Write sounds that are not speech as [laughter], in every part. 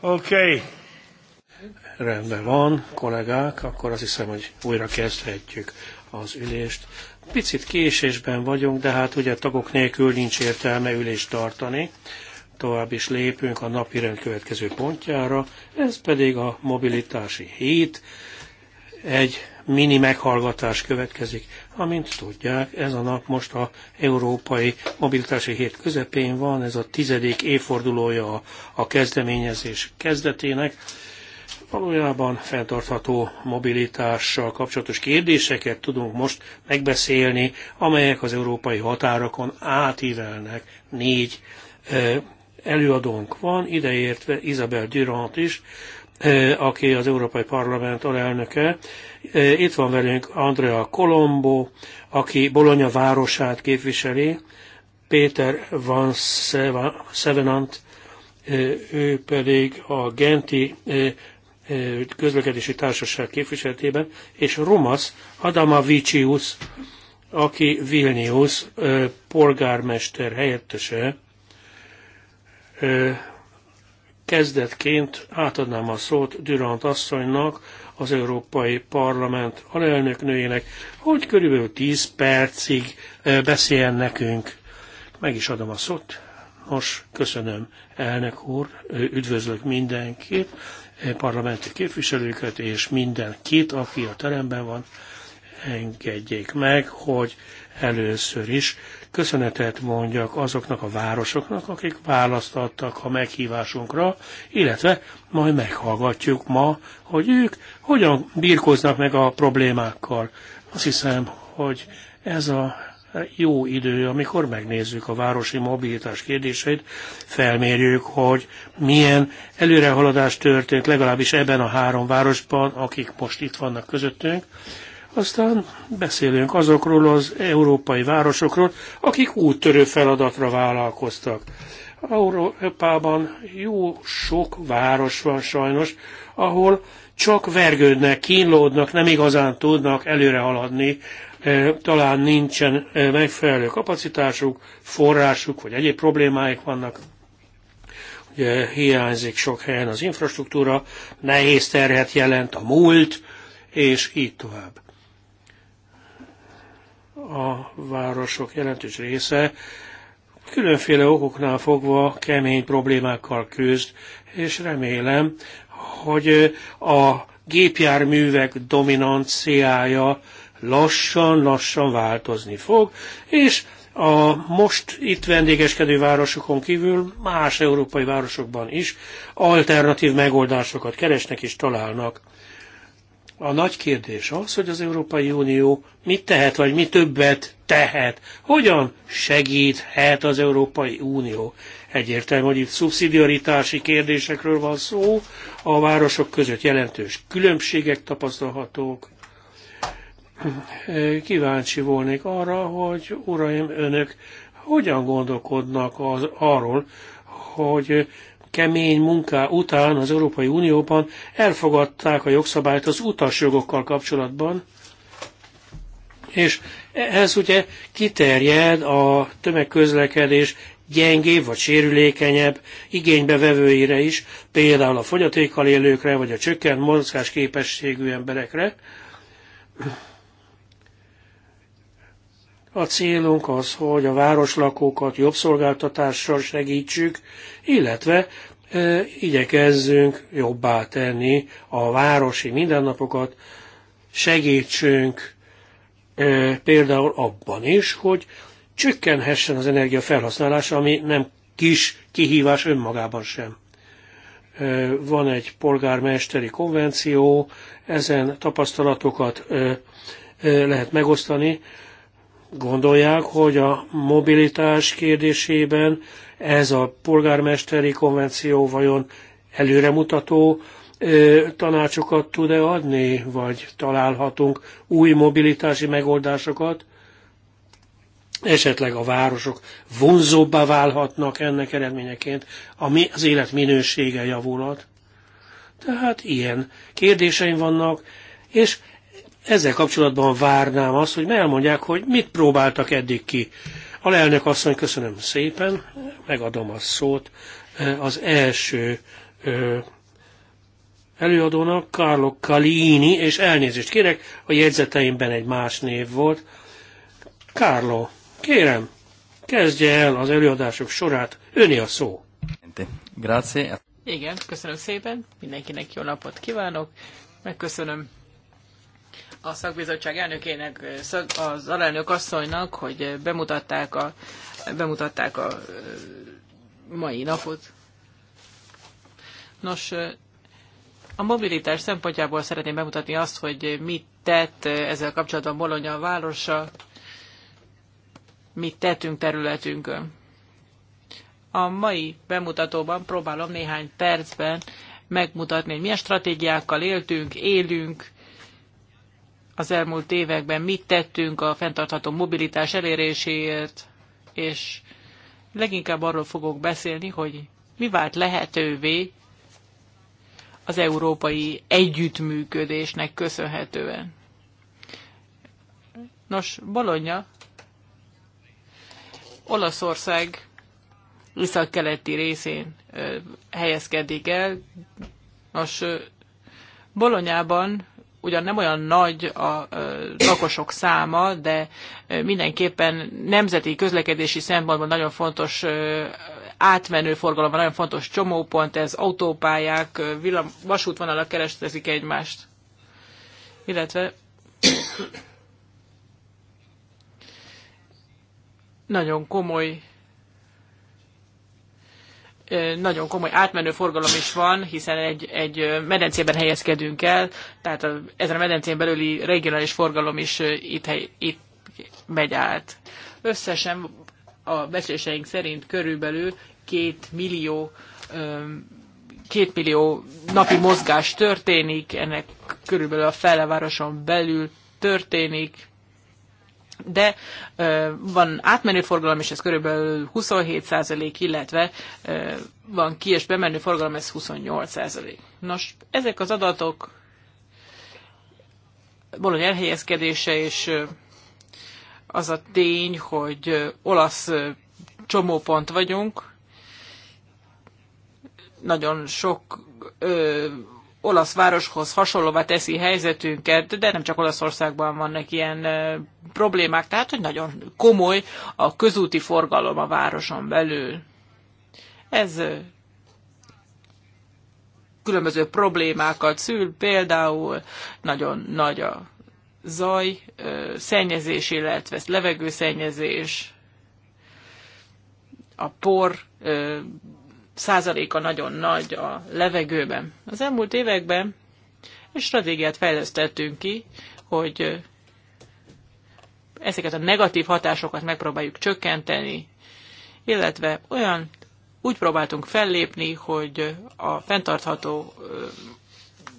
Okay. Rendben van, kollégák, akkor azt hiszem, hogy újra kezdhetjük az ülést. Picit késésben vagyunk, de hát ugye tagok nélkül nincs értelme ülést tartani. Tovább is lépünk a napi rend következő pontjára, ez pedig a mobilitási hét. Egy mini meghallgatás következik. Amint tudják, ez a nap most a Európai Mobilitási Hét közepén van, ez a tizedik évfordulója a, a kezdeményezés kezdetének. Valójában fenntartható mobilitással kapcsolatos kérdéseket tudunk most megbeszélni, amelyek az európai határokon átívelnek négy előadónk van, ideértve Isabel Durant is, aki az Európai Parlament alelnöke. Itt van velünk Andrea Colombo, aki Bologna városát képviseli, Péter Van Szevenant, ő pedig a Genti közlekedési társaság képviseletében, és Rumas Adama Vicius, aki Vilnius polgármester helyettese, kezdetként átadnám a szót Durant asszonynak, az Európai Parlament alelnöknőjének, hogy körülbelül 10 percig beszéljen nekünk. Meg is adom a szót. Nos, köszönöm, elnök úr, üdvözlök mindenkit, parlamenti képviselőket és mindenkit, aki a teremben van. Engedjék meg, hogy először is köszönetet mondjak azoknak a városoknak, akik választ adtak a meghívásunkra, illetve majd meghallgatjuk ma, hogy ők hogyan birkoznak meg a problémákkal. Azt hiszem, hogy ez a jó idő, amikor megnézzük a városi mobilitás kérdéseit, felmérjük, hogy milyen előrehaladás történt legalábbis ebben a három városban, akik most itt vannak közöttünk, aztán beszélünk azokról az európai városokról, akik úttörő feladatra vállalkoztak. Európában jó sok város van sajnos, ahol csak vergődnek, kínlódnak, nem igazán tudnak előre haladni, e, talán nincsen e, megfelelő kapacitásuk, forrásuk, vagy egyéb problémáik vannak. Ugye hiányzik sok helyen az infrastruktúra, nehéz terhet jelent a múlt, és így tovább a városok jelentős része különféle okoknál fogva kemény problémákkal küzd, és remélem, hogy a gépjárművek dominanciája lassan-lassan változni fog, és a most itt vendégeskedő városokon kívül más európai városokban is alternatív megoldásokat keresnek és találnak. A nagy kérdés az, hogy az Európai Unió mit tehet, vagy mi többet tehet. Hogyan segíthet az Európai Unió? Egyértelmű, hogy itt szubszidiaritási kérdésekről van szó, a városok között jelentős különbségek tapasztalhatók. Kíváncsi volnék arra, hogy uraim, önök hogyan gondolkodnak az, arról, hogy kemény munká után az Európai Unióban elfogadták a jogszabályt az utasjogokkal kapcsolatban, és ez ugye kiterjed a tömegközlekedés gyengébb vagy sérülékenyebb igénybevevőire is, például a fogyatékkal élőkre, vagy a csökkent mozgásképességű emberekre. A célunk az, hogy a városlakókat jobb szolgáltatással segítsük, illetve e, igyekezzünk jobbá tenni a városi mindennapokat, segítsünk e, például abban is, hogy csökkenhessen az energia felhasználása, ami nem kis kihívás önmagában sem van egy polgármesteri konvenció, ezen tapasztalatokat lehet megosztani gondolják, hogy a mobilitás kérdésében ez a polgármesteri konvenció vajon előremutató tanácsokat tud-e adni, vagy találhatunk új mobilitási megoldásokat? Esetleg a városok vonzóbbá válhatnak ennek eredményeként, ami az élet minősége javulhat. Tehát ilyen kérdéseim vannak, és ezzel kapcsolatban várnám azt, hogy elmondják, hogy mit próbáltak eddig ki. A lelnök mondja, köszönöm szépen, megadom a szót az első előadónak, Carlo Calini, és elnézést kérek, a jegyzeteimben egy más név volt. Carlo, kérem, kezdje el az előadások sorát, öné a szó. Grazie. Igen, köszönöm szépen, mindenkinek jó napot kívánok, megköszönöm a szakbizottság elnökének, az alelnök asszonynak, hogy bemutatták a, bemutatták a mai napot. Nos, a mobilitás szempontjából szeretném bemutatni azt, hogy mit tett ezzel kapcsolatban Bologna városa, mit tettünk területünkön. A mai bemutatóban próbálom néhány percben megmutatni, hogy milyen stratégiákkal éltünk, élünk, az elmúlt években mit tettünk a fenntartható mobilitás eléréséért, és leginkább arról fogok beszélni, hogy mi vált lehetővé az európai együttműködésnek köszönhetően. Nos, Bologna, Olaszország iszak keleti részén helyezkedik el. Nos, Bolonyában ugyan nem olyan nagy a lakosok száma, de mindenképpen nemzeti közlekedési szempontból nagyon fontos átmenő forgalom, nagyon fontos csomópont, ez autópályák, villam, vasútvonalak keresztezik egymást. Illetve [coughs] nagyon komoly nagyon komoly átmenő forgalom is van, hiszen egy, egy medencében helyezkedünk el, tehát a, ezen a medencén belüli regionális forgalom is itt, hely, itt megy át. Összesen a beszéléseink szerint körülbelül két millió két millió napi mozgás történik, ennek körülbelül a városon belül történik, de van átmenő forgalom, és ez körülbelül 27%, illetve van ki- és bemenő forgalom, ez 28%. Nos, ezek az adatok Bolony elhelyezkedése, és az a tény, hogy olasz csomópont vagyunk, nagyon sok olasz városhoz hasonlóvá teszi helyzetünket, de nem csak Olaszországban vannak ilyen problémák, tehát hogy nagyon komoly a közúti forgalom a városon belül. Ez különböző problémákat szül, például nagyon nagy a zaj, szennyezés, illetve levegőszennyezés, a por százaléka nagyon nagy a levegőben. Az elmúlt években egy stratégiát fejlesztettünk ki, hogy ezeket a negatív hatásokat megpróbáljuk csökkenteni, illetve olyan úgy próbáltunk fellépni, hogy a fenntartható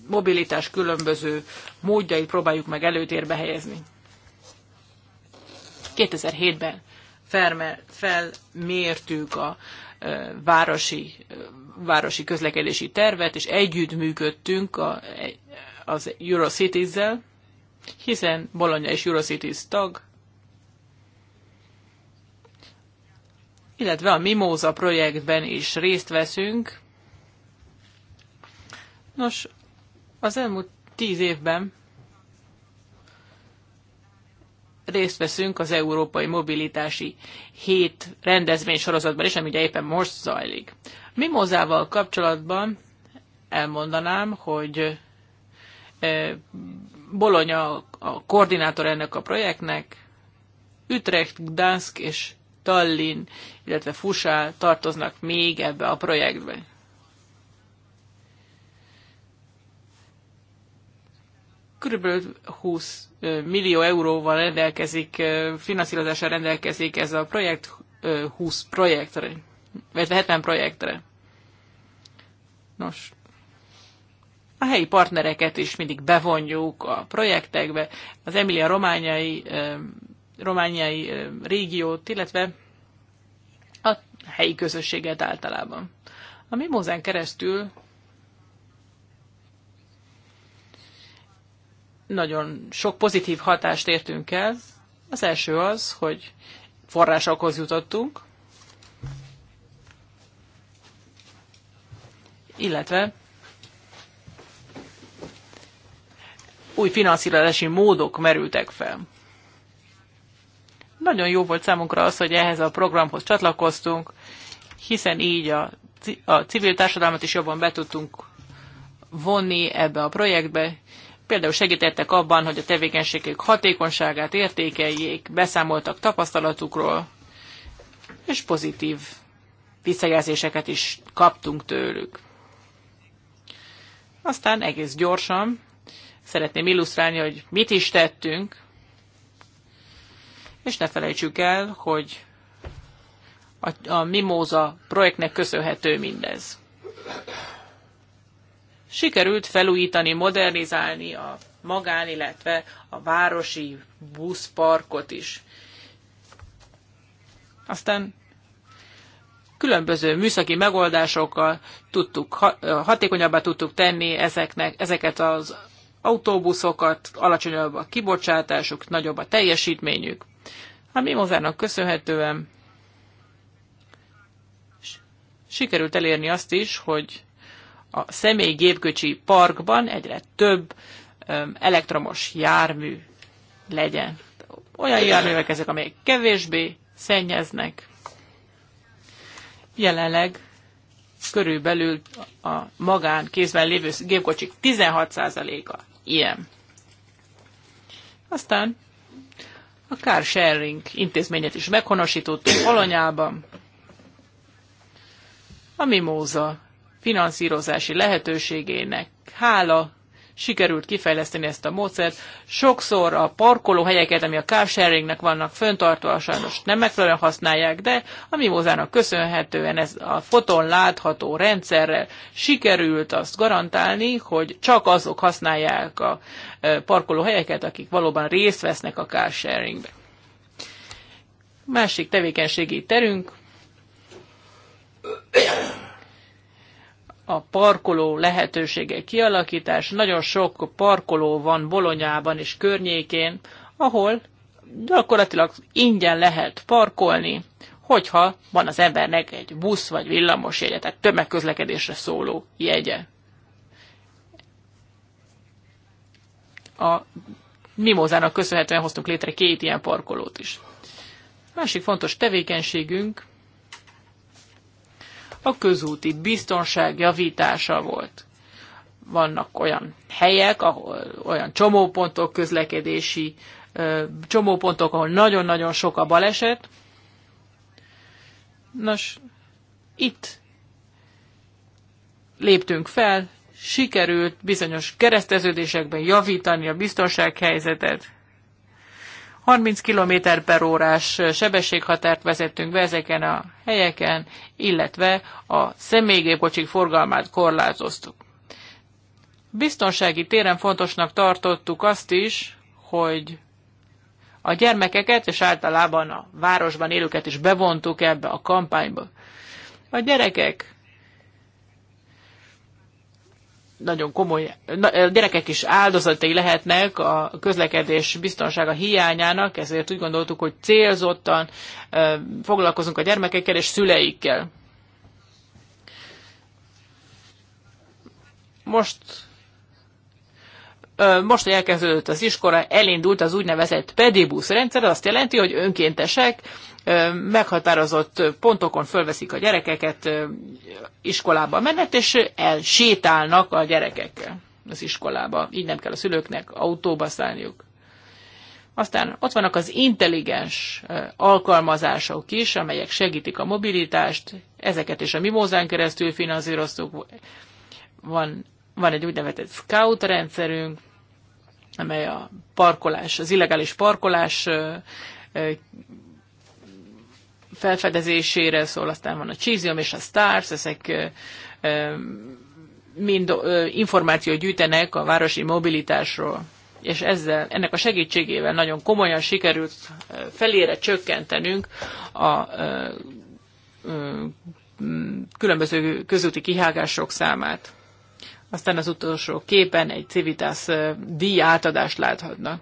mobilitás különböző módjait próbáljuk meg előtérbe helyezni. 2007-ben felmértük a városi, városi közlekedési tervet, és együttműködtünk a, az Eurocities-zel, hiszen Bologna és Eurocities tag, illetve a Mimóza projektben is részt veszünk. Nos, az elmúlt tíz évben részt veszünk az Európai Mobilitási Hét rendezvény sorozatban is, ami ugye éppen most zajlik. Mimozával kapcsolatban elmondanám, hogy e, Bolonya a koordinátor ennek a projektnek, Utrecht, Gdansk és Tallinn, illetve Fusá tartoznak még ebbe a projektbe. Körülbelül 20 millió euróval rendelkezik, finanszírozással rendelkezik ez a projekt 20 projektre, vagy 70 projektre. Nos, a helyi partnereket is mindig bevonjuk a projektekbe, az Emilia romániai, romániai régiót, illetve a helyi közösséget általában. A Mimózán keresztül nagyon sok pozitív hatást értünk el. Az első az, hogy forrásokhoz jutottunk, illetve új finanszírozási módok merültek fel. Nagyon jó volt számunkra az, hogy ehhez a programhoz csatlakoztunk, hiszen így a, a civil társadalmat is jobban be tudtunk vonni ebbe a projektbe, Például segítettek abban, hogy a tevékenységük hatékonyságát értékeljék, beszámoltak tapasztalatukról, és pozitív visszajelzéseket is kaptunk tőlük. Aztán egész gyorsan szeretném illusztrálni, hogy mit is tettünk, és ne felejtsük el, hogy a, a Mimóza projektnek köszönhető mindez sikerült felújítani, modernizálni a magán, illetve a városi buszparkot is. Aztán különböző műszaki megoldásokkal tudtuk, hatékonyabbá tudtuk tenni ezeknek, ezeket az autóbuszokat, alacsonyabb a kibocsátásuk, nagyobb a teljesítményük. A Mimozának köszönhetően sikerült elérni azt is, hogy a személygépkocsi parkban egyre több elektromos jármű legyen. Olyan járművek ezek, amelyek kevésbé szennyeznek. Jelenleg körülbelül a magán kézben lévő gépkocsik 16%-a ilyen. Aztán a car sharing intézményet is meghonosítottuk Alanyában. A Mimóza finanszírozási lehetőségének hála sikerült kifejleszteni ezt a módszert. Sokszor a parkolóhelyeket, ami a carsharingnek vannak föntartva, sajnos nem megfelelően használják, de a mimózának köszönhetően ez a foton látható rendszerrel sikerült azt garantálni, hogy csak azok használják a parkolóhelyeket, akik valóban részt vesznek a carsharingbe. Másik tevékenységi terünk a parkoló lehetősége kialakítás. Nagyon sok parkoló van Bolonyában és környékén, ahol gyakorlatilag ingyen lehet parkolni, hogyha van az embernek egy busz vagy villamos jegye, tehát tömegközlekedésre szóló jegye. A Mimózának köszönhetően hoztunk létre két ilyen parkolót is. Másik fontos tevékenységünk a közúti biztonság javítása volt. Vannak olyan helyek, ahol olyan csomópontok, közlekedési csomópontok, ahol nagyon-nagyon sok a baleset. Nos, itt léptünk fel, sikerült bizonyos kereszteződésekben javítani a biztonsághelyzetet. 30 km per órás sebességhatárt vezettünk be ezeken a helyeken, illetve a személygépkocsik forgalmát korlátoztuk. Biztonsági téren fontosnak tartottuk azt is, hogy a gyermekeket és általában a városban élőket is bevontuk ebbe a kampányba. A gyerekek nagyon komoly, gyerekek is áldozatai lehetnek a közlekedés biztonsága hiányának, ezért úgy gondoltuk, hogy célzottan foglalkozunk a gyermekekkel és szüleikkel. Most most, hogy elkezdődött az iskola, elindult az úgynevezett pedibusz rendszer, azt jelenti, hogy önkéntesek meghatározott pontokon fölveszik a gyerekeket iskolába menet, és elsétálnak a gyerekekkel az iskolába. Így nem kell a szülőknek autóba szállniuk. Aztán ott vannak az intelligens alkalmazások is, amelyek segítik a mobilitást, ezeket is a Mimózán keresztül finanszíroztuk. Van, van egy úgynevezett scout rendszerünk, amely a parkolás, az illegális parkolás felfedezésére szól, aztán van a Csizium és a Stars, ezek mind információt gyűjtenek a városi mobilitásról. És ezzel, ennek a segítségével nagyon komolyan sikerült felére csökkentenünk a különböző közúti kihágások számát. Aztán az utolsó képen egy Civitas díj átadást láthatnak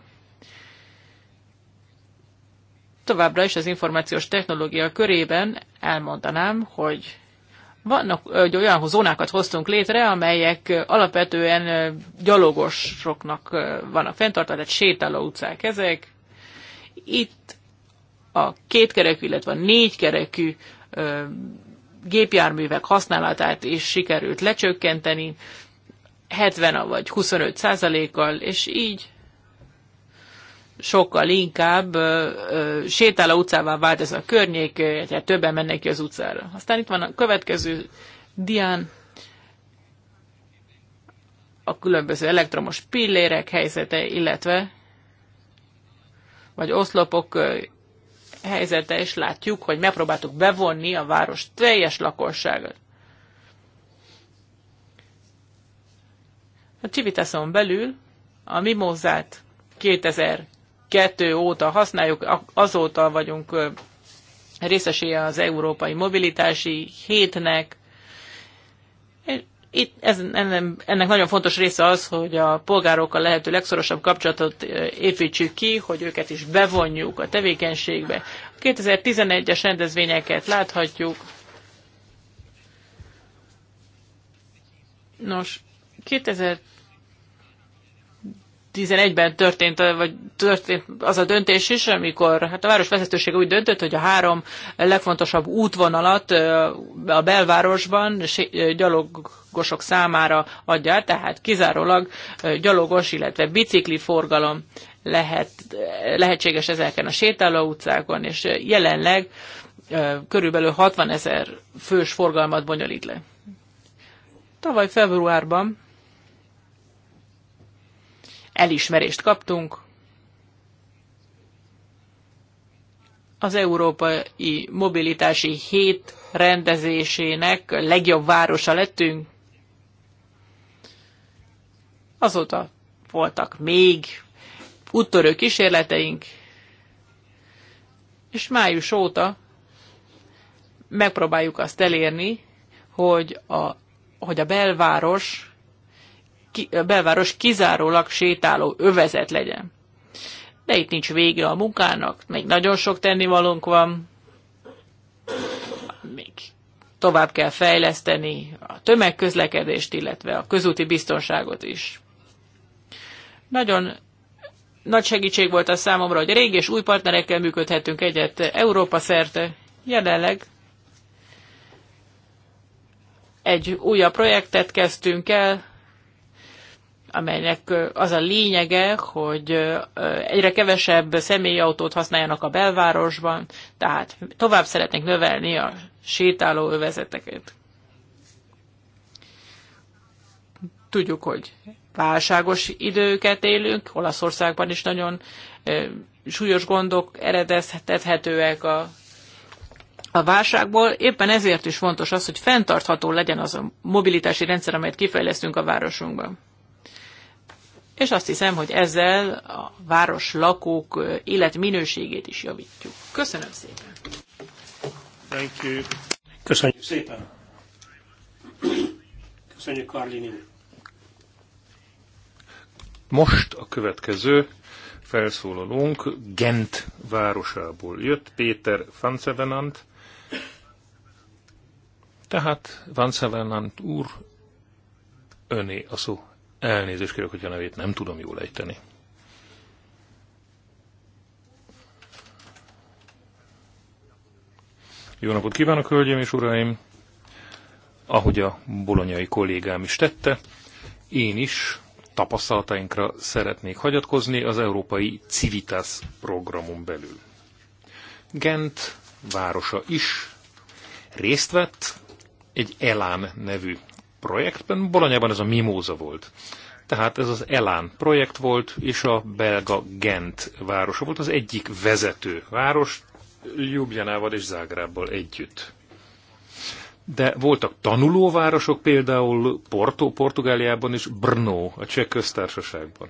továbbra is az információs technológia körében elmondanám, hogy vannak hogy olyan zónákat hoztunk létre, amelyek alapvetően gyalogosoknak vannak fenntartva, tehát sétáló utcák ezek. Itt a kétkerekű, illetve a négykerekű gépjárművek használatát is sikerült lecsökkenteni 70 vagy 25 százalékkal, és így sokkal inkább ö, ö, sétáló utcává vált ez a környék, tehát többen mennek ki az utcára. Aztán itt van a következő dián, a különböző elektromos pillérek helyzete, illetve vagy oszlopok helyzete, és látjuk, hogy megpróbáltuk bevonni a város teljes lakosságot. A Csivitaszon belül a Mimózát 2000 2002 óta használjuk, azóta vagyunk részesége az európai mobilitási hétnek. Itt ez, ennek nagyon fontos része az, hogy a polgárokkal lehető legszorosabb kapcsolatot építsük ki, hogy őket is bevonjuk a tevékenységbe. A 2011-es rendezvényeket láthatjuk. Nos, 2000 2011-ben történt, vagy történt az a döntés is, amikor hát a város vezetősége úgy döntött, hogy a három legfontosabb útvonalat a belvárosban gyalogosok számára adja, tehát kizárólag gyalogos, illetve bicikli forgalom lehet, lehetséges ezeken a sétáló utcákon, és jelenleg körülbelül 60 ezer fős forgalmat bonyolít le. Tavaly februárban elismerést kaptunk. Az Európai Mobilitási Hét rendezésének legjobb városa lettünk. Azóta voltak még úttörő kísérleteink, és május óta megpróbáljuk azt elérni, hogy a, hogy a belváros ki, belváros kizárólag sétáló övezet legyen. De itt nincs vége a munkának, még nagyon sok tennivalónk van, még tovább kell fejleszteni a tömegközlekedést, illetve a közúti biztonságot is. Nagyon nagy segítség volt a számomra, hogy régi és új partnerekkel működhetünk egyet Európa szerte. Jelenleg egy újabb projektet kezdtünk el, amelynek az a lényege, hogy egyre kevesebb személyautót használjanak a belvárosban, tehát tovább szeretnék növelni a sétáló övezeteket. Tudjuk, hogy válságos időket élünk, Olaszországban is nagyon súlyos gondok eredezhethetőek a, a válságból. Éppen ezért is fontos az, hogy fenntartható legyen az a mobilitási rendszer, amelyet kifejlesztünk a városunkban és azt hiszem, hogy ezzel a város lakók életminőségét is javítjuk. Köszönöm szépen! Thank you. Köszönjük szépen! Köszönjük, Karlini! Most a következő felszólalónk Gent városából jött, Péter Fancevenant. Tehát Vancevenant úr, öné a szó. Elnézést kérek, hogy a nevét nem tudom jól ejteni. Jó napot kívánok, hölgyeim és uraim! Ahogy a bolonyai kollégám is tette, én is tapasztalatainkra szeretnék hagyatkozni az Európai Civitas programon belül. Gent városa is részt vett egy Elán nevű projektben, Bolonyában ez a Mimóza volt. Tehát ez az Elán projekt volt, és a belga Gent városa volt az egyik vezető város, Ljubljanával és Zágrábbal együtt. De voltak tanulóvárosok, például Porto, Portugáliában és Brno, a cseh köztársaságban.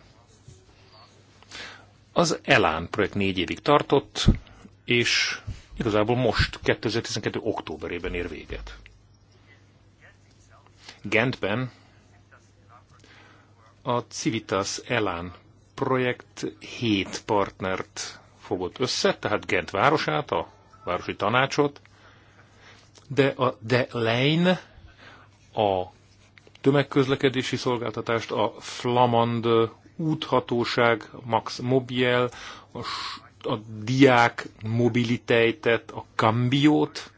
Az Elán projekt négy évig tartott, és igazából most, 2012. októberében ér véget. Gentben a Civitas Elán projekt hét partnert fogott össze, tehát Gent városát, a városi tanácsot, de a De Lein a tömegközlekedési szolgáltatást, a Flamand úthatóság, Max Mobiel, a, a diák mobilitejtet, a Cambiót.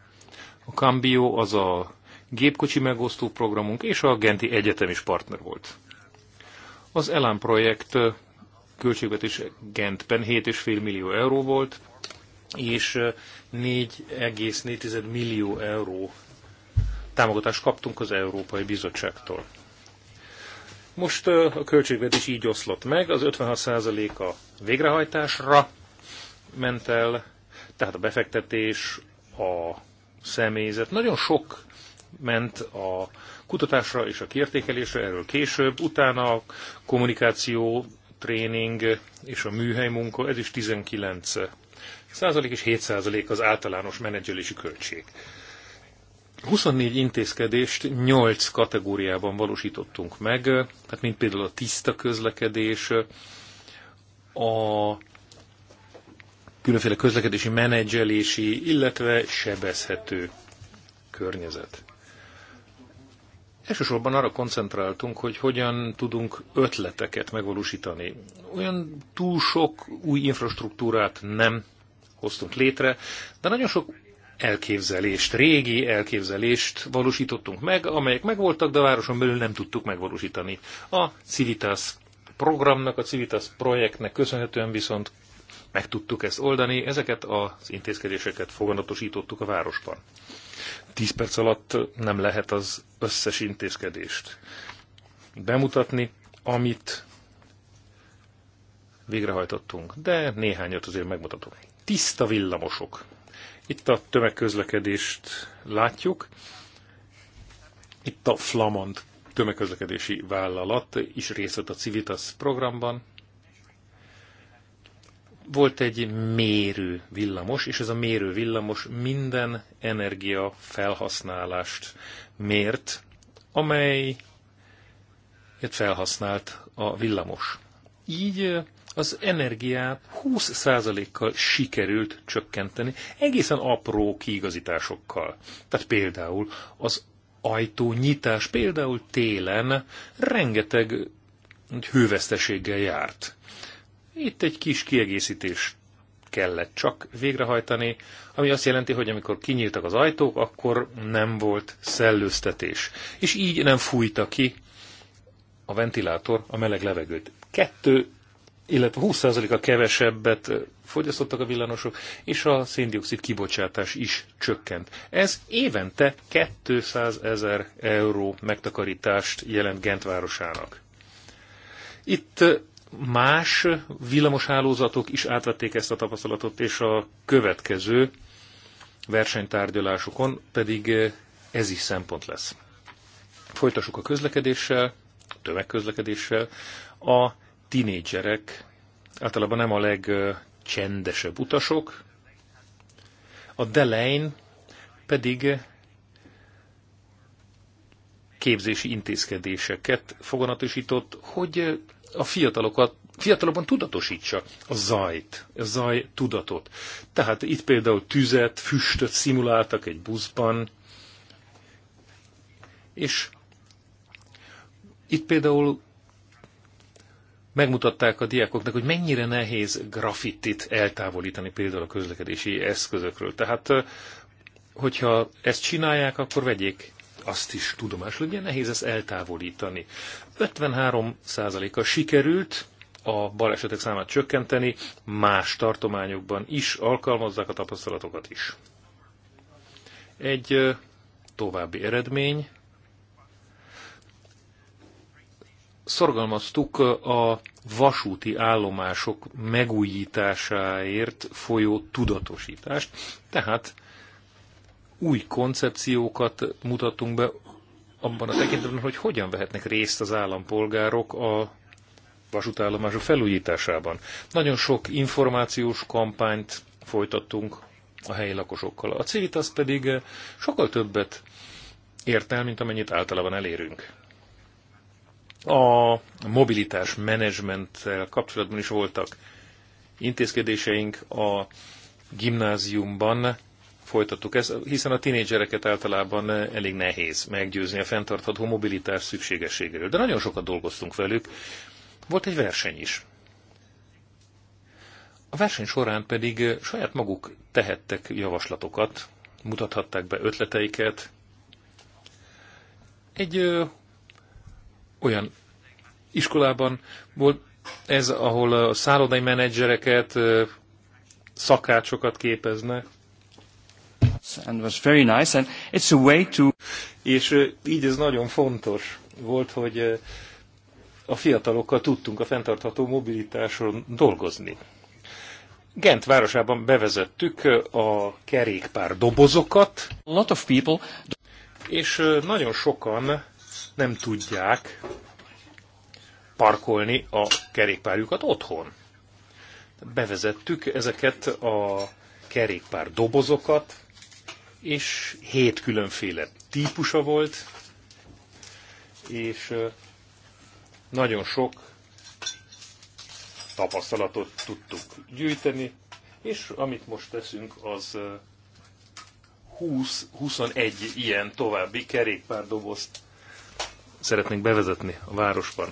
A Cambio az a gépkocsi megosztó programunk és a Genti Egyetem is partner volt. Az Elán projekt költségvetés Gentben 7,5 millió euró volt, és 4,4 millió euró támogatást kaptunk az Európai Bizottságtól. Most a költségvetés így oszlott meg, az 56% a végrehajtásra ment el, tehát a befektetés, a személyzet. Nagyon sok ment a kutatásra és a kiértékelésre, erről később, utána a kommunikáció, tréning és a műhely munka, ez is 19 százalék és 7 százalék az általános menedzselési költség. 24 intézkedést 8 kategóriában valósítottunk meg, tehát mint például a tiszta közlekedés, a különféle közlekedési menedzselési, illetve sebezhető környezet. Elsősorban arra koncentráltunk, hogy hogyan tudunk ötleteket megvalósítani. Olyan túl sok új infrastruktúrát nem hoztunk létre, de nagyon sok elképzelést, régi elképzelést valósítottunk meg, amelyek megvoltak, de a városon belül nem tudtuk megvalósítani. A Civitas programnak, a Civitas projektnek köszönhetően viszont meg tudtuk ezt oldani, ezeket az intézkedéseket foganatosítottuk a városban. 10 perc alatt nem lehet az összes intézkedést bemutatni, amit végrehajtottunk, de néhányat azért megmutatom. Tiszta villamosok. Itt a tömegközlekedést látjuk. Itt a Flamand tömegközlekedési vállalat is részt vett a Civitas programban, volt egy mérő villamos, és ez a mérő villamos minden energia felhasználást mért, amelyet felhasznált a villamos. Így az energiát 20%-kal sikerült csökkenteni, egészen apró kiigazításokkal. Tehát például az ajtó nyitás, például télen rengeteg hőveszteséggel járt. Itt egy kis kiegészítés kellett csak végrehajtani, ami azt jelenti, hogy amikor kinyíltak az ajtók, akkor nem volt szellőztetés. És így nem fújta ki a ventilátor a meleg levegőt. Kettő, illetve 20%-a kevesebbet fogyasztottak a villanosok, és a széndiokszid kibocsátás is csökkent. Ez évente 200 ezer euró megtakarítást jelent Gent városának. Itt más villamoshálózatok is átvették ezt a tapasztalatot, és a következő versenytárgyalásokon pedig eh, ez is szempont lesz. Folytassuk a közlekedéssel, tömegközlekedéssel. A tinédzserek általában nem a legcsendesebb utasok, a Delein pedig képzési intézkedéseket foganatosított, hogy a fiatalokat, fiatalokban tudatosítsa a zajt, a zaj tudatot. Tehát itt például tüzet, füstöt szimuláltak egy buszban, és itt például megmutatták a diákoknak, hogy mennyire nehéz graffitit eltávolítani például a közlekedési eszközökről. Tehát, hogyha ezt csinálják, akkor vegyék azt is tudomásul, hogy nehéz ezt eltávolítani. 53%-a sikerült a balesetek számát csökkenteni, más tartományokban is alkalmazzák a tapasztalatokat is. Egy további eredmény. Szorgalmaztuk a vasúti állomások megújításáért folyó tudatosítást, tehát új koncepciókat mutatunk be abban a tekintetben, hogy hogyan vehetnek részt az állampolgárok a vasútállomások felújításában. Nagyon sok információs kampányt folytattunk a helyi lakosokkal. A Civitas pedig sokkal többet ért el, mint amennyit általában elérünk. A mobilitás menedzsmenttel kapcsolatban is voltak intézkedéseink a gimnáziumban folytattuk ezt, hiszen a tinédzsereket általában elég nehéz meggyőzni a fenntartható mobilitás szükségességéről. De nagyon sokat dolgoztunk velük. Volt egy verseny is. A verseny során pedig saját maguk tehettek javaslatokat, mutathatták be ötleteiket. Egy ö, olyan iskolában volt ez, ahol a szállodai menedzsereket, szakácsokat képeznek, and was very nice, and it's a way to... És így ez nagyon fontos volt, hogy a fiatalokkal tudtunk a fenntartható mobilitáson dolgozni. Gent városában bevezettük a kerékpár dobozokat. A lot of people... És nagyon sokan nem tudják parkolni a kerékpárjukat otthon. Bevezettük ezeket a kerékpár dobozokat, és hét különféle típusa volt, és nagyon sok tapasztalatot tudtuk gyűjteni, és amit most teszünk, az 20-21 ilyen további kerékpárdobozt szeretnénk bevezetni a városban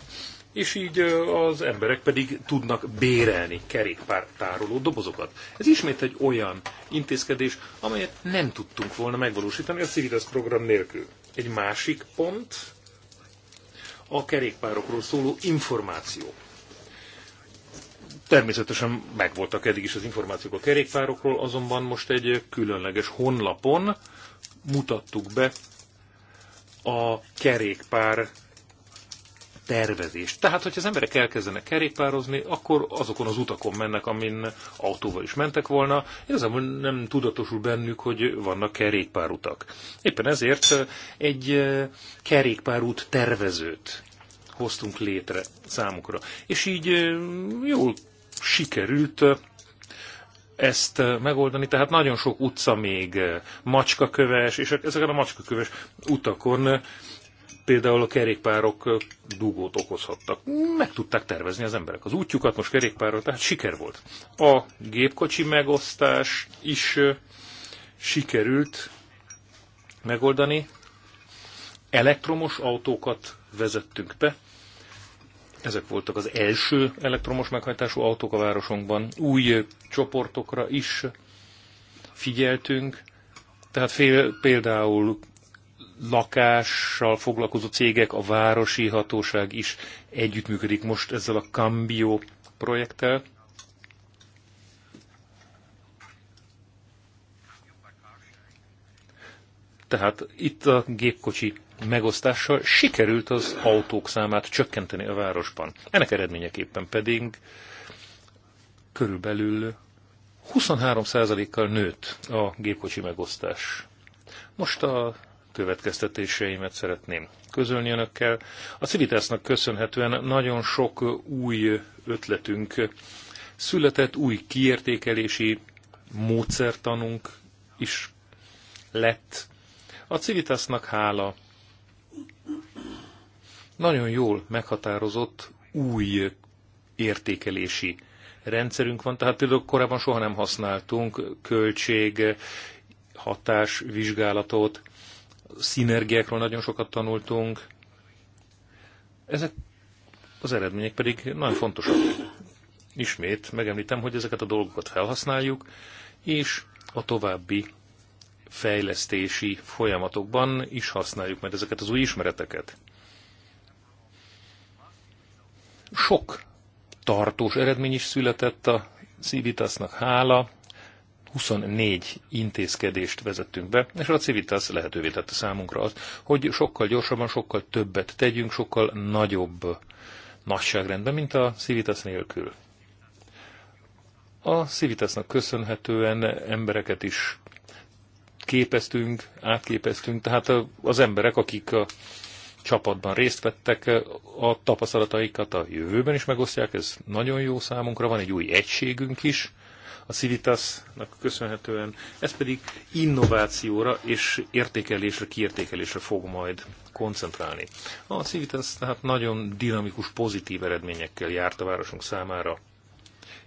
és így az emberek pedig tudnak bérelni kerékpártároló dobozokat. Ez ismét egy olyan intézkedés, amelyet nem tudtunk volna megvalósítani a Civitas program nélkül. Egy másik pont a kerékpárokról szóló információ. Természetesen megvoltak eddig is az információk a kerékpárokról, azonban most egy különleges honlapon mutattuk be a kerékpár tervezést. Tehát, hogyha az emberek elkezdenek kerékpározni, akkor azokon az utakon mennek, amin autóval is mentek volna. Igazából nem tudatosul bennük, hogy vannak kerékpárutak. Éppen ezért eh, egy eh, kerékpárút tervezőt hoztunk létre számukra. És így eh, jól sikerült ezt megoldani, tehát nagyon sok utca még macskaköves, és ezeken a macskaköves utakon például a kerékpárok dugót okozhattak. Meg tudták tervezni az emberek az útjukat, most kerékpárral, tehát siker volt. A gépkocsi megosztás is sikerült megoldani. Elektromos autókat vezettünk be. Ezek voltak az első elektromos meghajtású autók a városunkban. Új csoportokra is figyeltünk. Tehát fél, például lakással foglalkozó cégek, a városi hatóság is együttműködik most ezzel a Cambio projekttel. Tehát itt a gépkocsi megosztással sikerült az autók számát csökkenteni a városban. Ennek eredményeképpen pedig körülbelül 23%-kal nőtt a gépkocsi megosztás. Most a következtetéseimet szeretném közölni önökkel. A Civitasnak köszönhetően nagyon sok új ötletünk született, új kiértékelési módszertanunk is lett. A Civitasnak hála nagyon jól meghatározott új értékelési rendszerünk van, tehát például korábban soha nem használtunk költség, hatás vizsgálatot, szinergiákról nagyon sokat tanultunk. Ezek az eredmények pedig nagyon fontosak. Ismét megemlítem, hogy ezeket a dolgokat felhasználjuk, és a további fejlesztési folyamatokban is használjuk meg ezeket az új ismereteket. Sok tartós eredmény is született a Civitasnak hála, 24 intézkedést vezettünk be, és a Civitas lehetővé tette számunkra azt, hogy sokkal gyorsabban, sokkal többet tegyünk, sokkal nagyobb nagyságrendben, mint a Civitas nélkül. A Civitasnak köszönhetően embereket is képeztünk, átképeztünk, tehát az emberek, akik a csapatban részt vettek, a tapasztalataikat a jövőben is megosztják, ez nagyon jó számunkra, van egy új egységünk is, a Civitasnak köszönhetően, ez pedig innovációra és értékelésre, kiértékelésre fog majd koncentrálni. A Civitas tehát nagyon dinamikus, pozitív eredményekkel járt a városunk számára,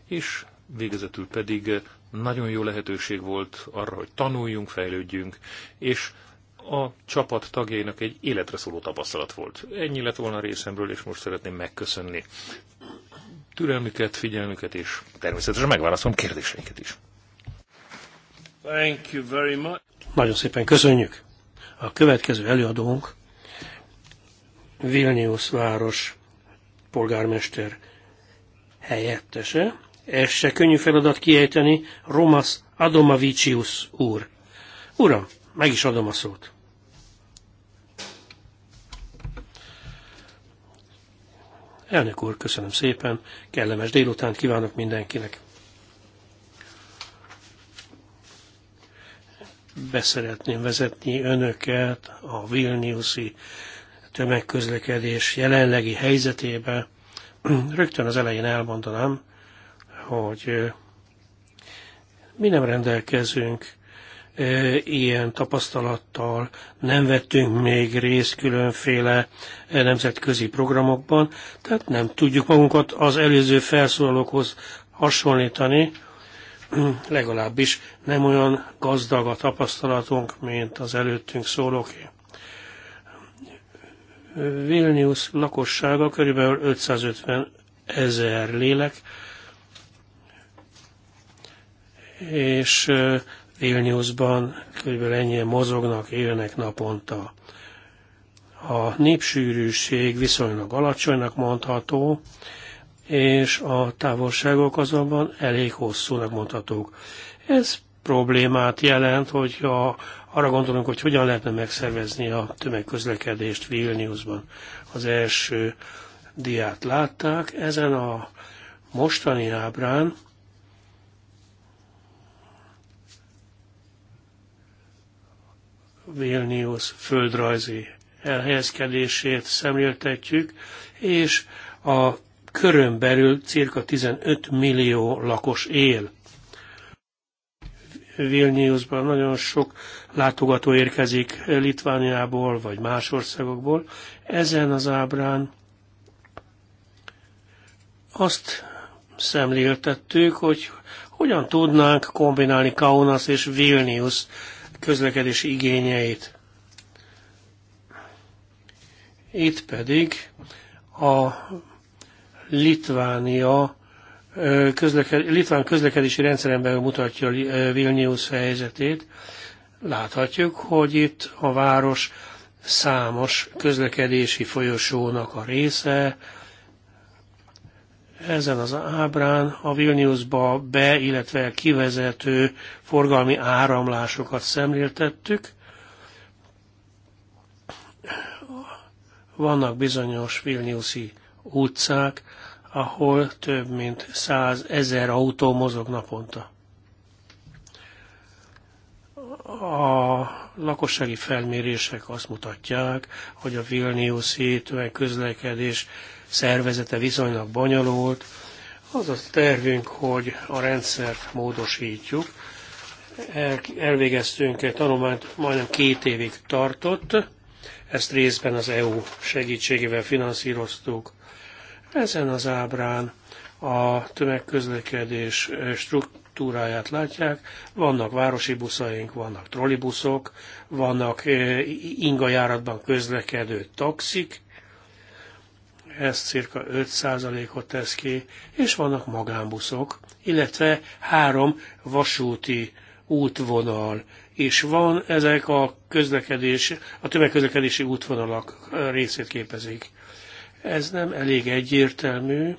és végezetül pedig nagyon jó lehetőség volt arra, hogy tanuljunk, fejlődjünk, és a csapat tagjainak egy életre szóló tapasztalat volt. Ennyi lett volna a részemről, és most szeretném megköszönni türelmüket, figyelmüket, és természetesen megválaszolom kérdéseinket is. Thank you very much. Nagyon szépen köszönjük. A következő előadónk Vilnius város polgármester helyettese. Ez se könnyű feladat kiejteni, Romas Adomavicius úr. Uram, meg is adom a szót. Elnök úr, köszönöm szépen, kellemes délutánt kívánok mindenkinek. Beszeretném vezetni önöket a Vilniuszi tömegközlekedés jelenlegi helyzetébe. Rögtön az elején elmondanám, hogy mi nem rendelkezünk ilyen tapasztalattal nem vettünk még részt különféle nemzetközi programokban, tehát nem tudjuk magunkat az előző felszólalókhoz hasonlítani, [clears throat] legalábbis nem olyan gazdag a tapasztalatunk, mint az előttünk szólóké. Vilnius lakossága körülbelül 550 ezer lélek, és Vilniusban kb. ennyien mozognak, élnek naponta. A népsűrűség viszonylag alacsonynak mondható, és a távolságok azonban elég hosszúnak mondhatók. Ez problémát jelent, hogyha arra gondolunk, hogy hogyan lehetne megszervezni a tömegközlekedést Vilniusban. Az első diát látták, ezen a mostani ábrán Vilnius földrajzi elhelyezkedését szemléltetjük, és a körön belül cirka 15 millió lakos él. Vilniusban nagyon sok látogató érkezik Litvániából vagy más országokból. Ezen az ábrán azt szemléltettük, hogy hogyan tudnánk kombinálni Kaunas és Vilnius közlekedési igényeit. Itt pedig a Litvánia közleked, litván közlekedési rendszeren belül mutatja Vilnius helyzetét. Láthatjuk, hogy itt a város számos közlekedési folyosónak a része, ezen az ábrán a Vilniusba be, illetve kivezető forgalmi áramlásokat szemléltettük. Vannak bizonyos Vilniuszi utcák, ahol több mint 100 ezer autó mozog naponta. A lakossági felmérések azt mutatják, hogy a Vilniuszi tömegközlekedés közlekedés szervezete viszonylag bonyolult. Az a tervünk, hogy a rendszert módosítjuk. El, elvégeztünk egy tanulmányt, majdnem két évig tartott. Ezt részben az EU segítségével finanszíroztuk. Ezen az ábrán a tömegközlekedés struktúráját látják. Vannak városi buszaink, vannak trollibuszok, vannak eh, ingajáratban közlekedő taxik, ez cirka 5%-ot tesz ki, és vannak magánbuszok, illetve három vasúti útvonal, és van ezek a közlekedés, a tömegközlekedési útvonalak részét képezik. Ez nem elég egyértelmű,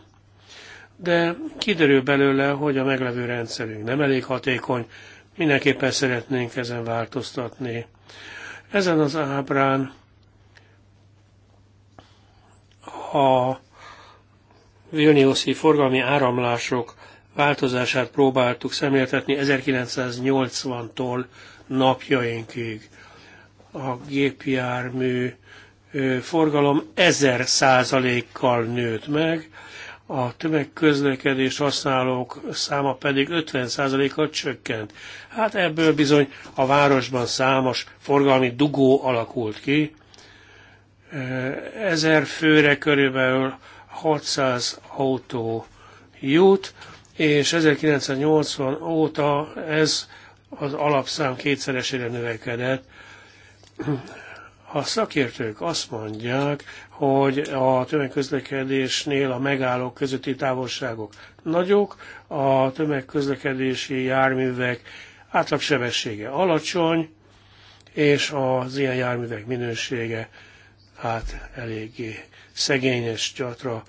de kiderül belőle, hogy a meglevő rendszerünk nem elég hatékony, mindenképpen szeretnénk ezen változtatni. Ezen az ábrán a vilniuszi forgalmi áramlások változását próbáltuk szemléltetni 1980-tól napjainkig. A gépjármű forgalom 1000 kal nőtt meg, a tömegközlekedés használók száma pedig 50%-kal csökkent. Hát ebből bizony a városban számos forgalmi dugó alakult ki, ezer főre körülbelül 600 autó jut, és 1980 óta ez az alapszám kétszeresére növekedett. A szakértők azt mondják, hogy a tömegközlekedésnél a megállók közötti távolságok nagyok, a tömegközlekedési járművek átlagsebessége alacsony, és az ilyen járművek minősége hát eléggé szegényes gyatra.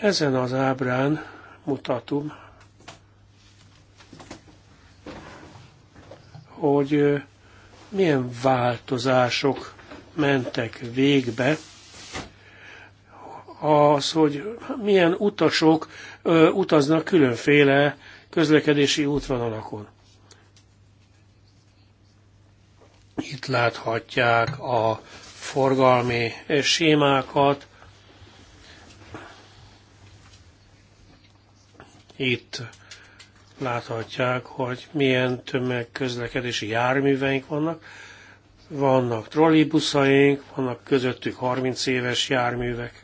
Ezen az ábrán mutatom, hogy milyen változások mentek végbe, az, hogy milyen utasok ö, utaznak különféle közlekedési útvonalakon. Itt láthatják a forgalmi sémákat. Itt láthatják, hogy milyen tömegközlekedési járműveink vannak. Vannak trollibuszaink, vannak közöttük 30 éves járművek.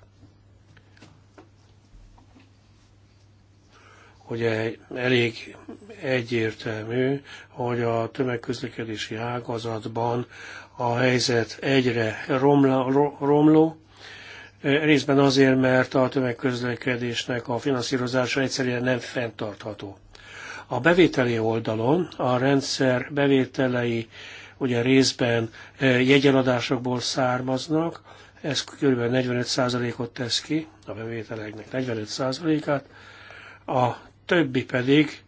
Ugye elég egyértelmű, hogy a tömegközlekedési ágazatban a helyzet egyre romla, romló, e, részben azért, mert a tömegközlekedésnek a finanszírozása egyszerűen nem fenntartható. A bevételi oldalon a rendszer bevételei ugye részben e, jegyeladásokból származnak, ez kb. 45%-ot tesz ki, a bevételeknek 45%-át, a többi pedig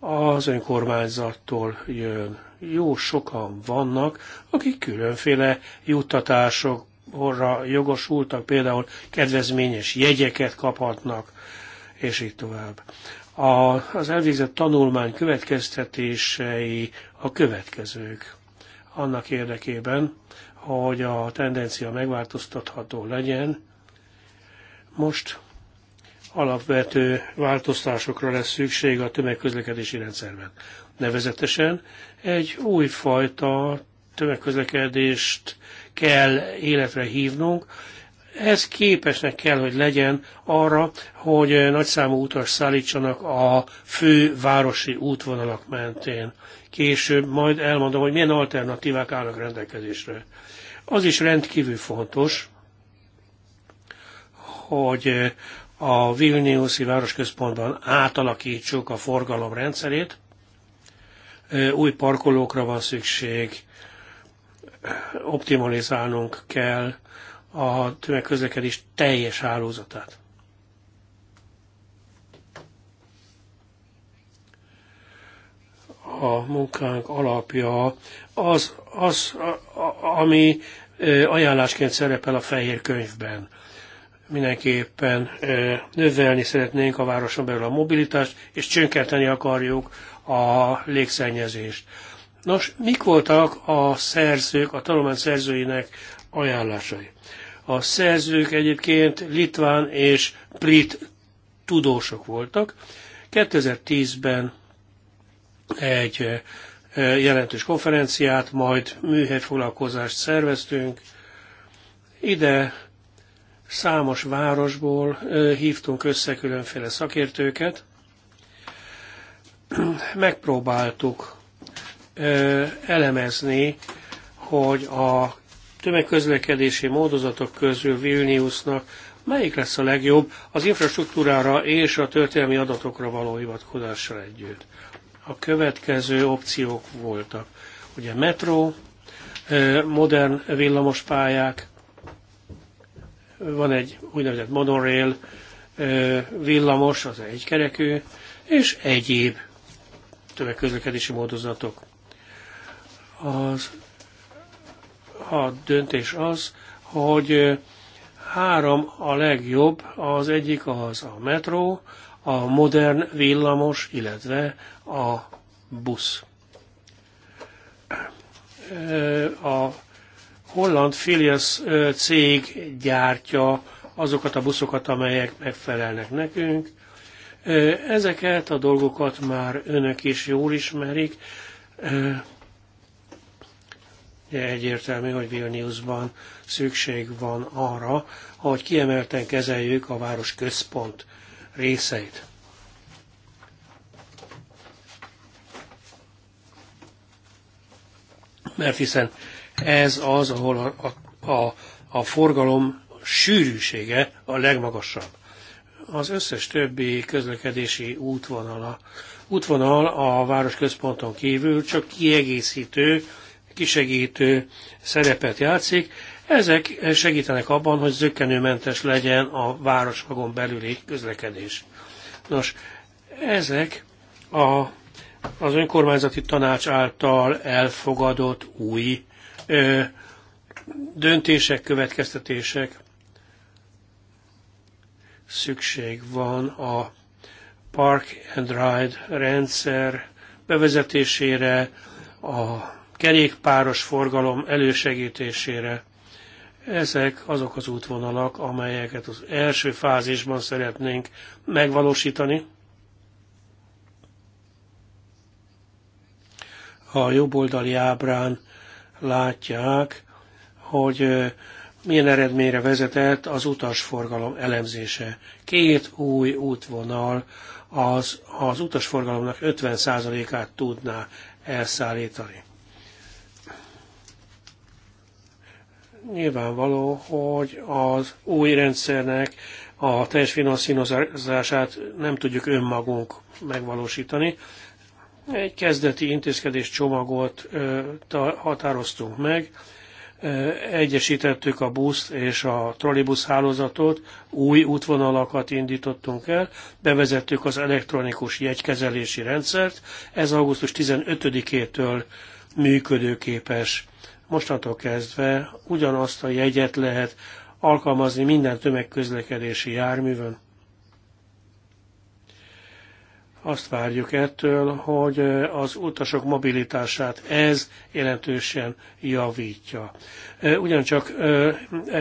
az önkormányzattól jön jó sokan vannak, akik különféle juttatásokra jogosultak, például kedvezményes jegyeket kaphatnak, és így tovább. A, az elvégzett tanulmány következtetései a következők. Annak érdekében, hogy a tendencia megváltoztatható legyen, most alapvető változtásokra lesz szükség a tömegközlekedési rendszerben. Nevezetesen egy újfajta tömegközlekedést kell életre hívnunk. Ez képesnek kell, hogy legyen arra, hogy nagyszámú utas szállítsanak a fő városi útvonalak mentén. Később majd elmondom, hogy milyen alternatívák állnak rendelkezésre. Az is rendkívül fontos, hogy a Vilniuszi városközpontban átalakítsuk a forgalom rendszerét, új parkolókra van szükség, optimalizálnunk kell a tömegközlekedés teljes hálózatát. A munkánk alapja az, az ami ajánlásként szerepel a fehér könyvben. Mindenképpen növelni szeretnénk a városon belül a mobilitást, és csökkenteni akarjuk a légszennyezést. Nos, mik voltak a szerzők, a tanulmány szerzőinek ajánlásai? A szerzők egyébként litván és brit tudósok voltak. 2010-ben egy eh, jelentős konferenciát, majd műhelyfoglalkozást szerveztünk. Ide számos városból eh, hívtunk össze különféle szakértőket, megpróbáltuk elemezni, hogy a tömegközlekedési módozatok közül Vilniusnak melyik lesz a legjobb az infrastruktúrára és a történelmi adatokra való hivatkozással együtt. A következő opciók voltak. Ugye metró, modern villamospályák, van egy úgynevezett monorail villamos, az egykerekű, és egyéb tömegközlekedési módozatok. Az, a döntés az, hogy három a legjobb, az egyik az a metró, a modern villamos, illetve a busz. A holland Filias cég gyártja azokat a buszokat, amelyek megfelelnek nekünk. Ezeket a dolgokat már önök is jól ismerik. Egyértelmű, hogy Vilniusban szükség van arra, hogy kiemelten kezeljük a város központ részeit. Mert hiszen ez az, ahol a, a, a forgalom sűrűsége a legmagasabb az összes többi közlekedési útvonala, útvonal a városközponton kívül csak kiegészítő, kisegítő szerepet játszik. Ezek segítenek abban, hogy zöggenőmentes legyen a városmagon belüli közlekedés. Nos, ezek a, az önkormányzati tanács által elfogadott új ö, döntések, következtetések szükség van a Park and Ride rendszer bevezetésére, a kerékpáros forgalom elősegítésére. Ezek azok az útvonalak, amelyeket az első fázisban szeretnénk megvalósítani. A jobb oldali ábrán látják, hogy milyen eredményre vezetett az utasforgalom elemzése. Két új útvonal az, az utasforgalomnak 50%-át tudná elszállítani. Nyilvánvaló, hogy az új rendszernek a teljes finanszírozását nem tudjuk önmagunk megvalósítani. Egy kezdeti intézkedés csomagot határoztunk meg, egyesítettük a busz és a trollibusz hálózatot, új útvonalakat indítottunk el, bevezettük az elektronikus jegykezelési rendszert, ez augusztus 15-től működőképes. Mostantól kezdve ugyanazt a jegyet lehet alkalmazni minden tömegközlekedési járművön. Azt várjuk ettől, hogy eh, az utasok mobilitását ez jelentősen javítja. Eh, ugyancsak eh,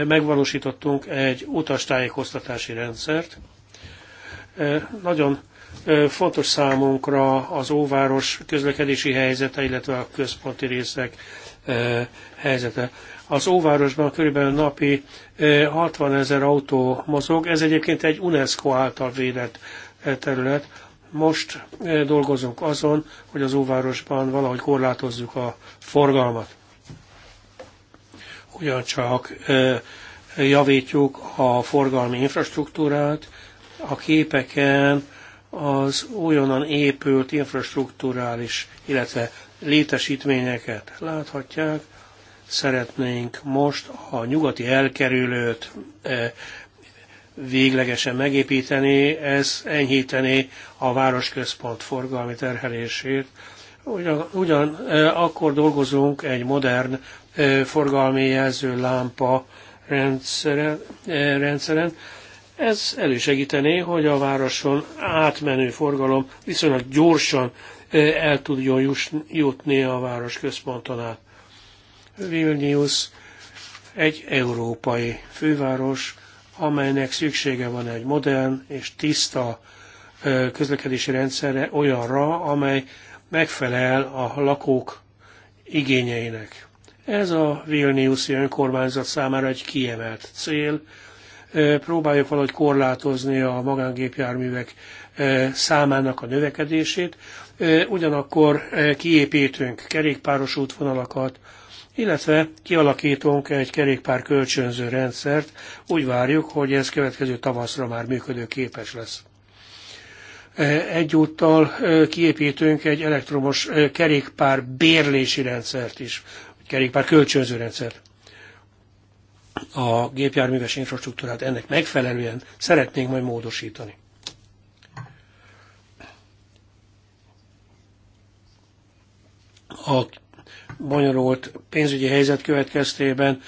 megvalósítottunk egy utastájékoztatási rendszert. Nagyon fontos számunkra az óváros közlekedési helyzete, illetve a központi részek helyzete. Az óvárosban körülbelül napi 60 ezer autó mozog, ez egyébként egy UNESCO által védett terület. Most eh, dolgozunk azon, hogy az óvárosban valahogy korlátozzuk a forgalmat. Ugyancsak eh, javítjuk a forgalmi infrastruktúrát, a képeken az újonnan épült infrastruktúrális, illetve létesítményeket láthatják. Szeretnénk most a nyugati elkerülőt eh, véglegesen megépíteni, ez enyhítené a városközpont forgalmi terhelését. Ugyan, ugyan akkor dolgozunk egy modern forgalmi jelző lámpa rendszeren, rendszeren. Ez elősegítené, hogy a városon átmenő forgalom viszonylag gyorsan el tudjon jutni a város központon át. Vilnius egy európai főváros, amelynek szüksége van egy modern és tiszta közlekedési rendszerre, olyanra, amely megfelel a lakók igényeinek. Ez a Vilniuszi önkormányzat számára egy kiemelt cél. Próbáljuk valahogy korlátozni a magángépjárművek számának a növekedését, ugyanakkor kiépítünk kerékpáros útvonalakat, illetve kialakítunk egy kerékpár kölcsönző rendszert, úgy várjuk, hogy ez következő tavaszra már működőképes lesz. E, egyúttal e, kiépítünk egy elektromos e, kerékpár bérlési rendszert is, kerékpár kölcsönző rendszert. A gépjárműves infrastruktúrát ennek megfelelően szeretnénk majd módosítani. a bonyolult pénzügyi helyzet következtében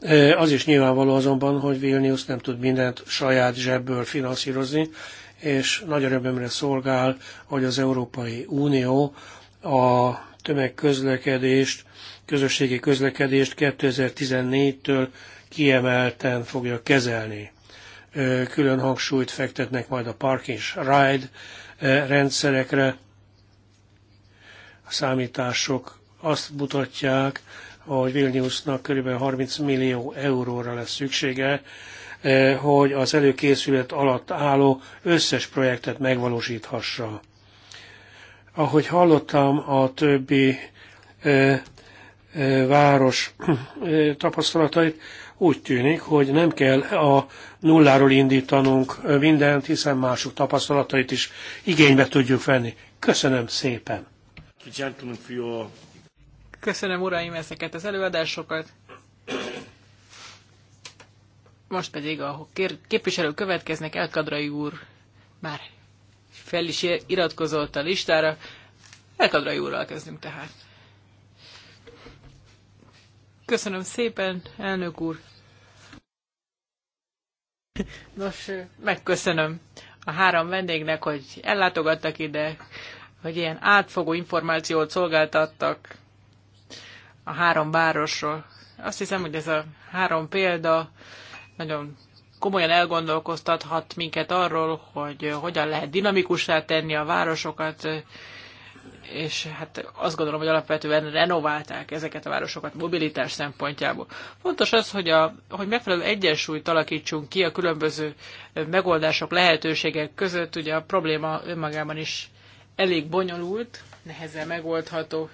eh, az is nyilvánvaló azonban, hogy Vilnius nem tud mindent saját zsebből finanszírozni, és nagy örömömre szolgál, hogy az Európai Unió a tömegközlekedést, közösségi közlekedést 2014-től kiemelten fogja kezelni. Eh, külön hangsúlyt fektetnek majd a Park Ride eh, rendszerekre, a számítások azt mutatják, hogy Vilniusnak kb. 30 millió euróra lesz szüksége, eh, hogy az előkészület alatt álló összes projektet megvalósíthassa. Ahogy hallottam, a többi eh, eh, város tapasztalatait, úgy tűnik, hogy nem kell a nulláról indítanunk mindent, hiszen mások tapasztalatait is igénybe tudjuk venni. Köszönöm szépen! Köszönöm, uraim, ezeket az előadásokat. Most pedig a képviselő következnek, Elkadrai úr már fel is iratkozott a listára. Elkadrai úrral kezdünk tehát. Köszönöm szépen, elnök úr. Nos, megköszönöm a három vendégnek, hogy ellátogattak ide, hogy ilyen átfogó információt szolgáltattak a három városról. Azt hiszem, hogy ez a három példa nagyon komolyan elgondolkoztathat minket arról, hogy hogyan lehet dinamikussá tenni a városokat, és hát azt gondolom, hogy alapvetően renoválták ezeket a városokat mobilitás szempontjából. Fontos az, hogy, a, hogy megfelelő egyensúlyt alakítsunk ki a különböző megoldások, lehetőségek között. Ugye a probléma önmagában is elég bonyolult, nehezen megoldható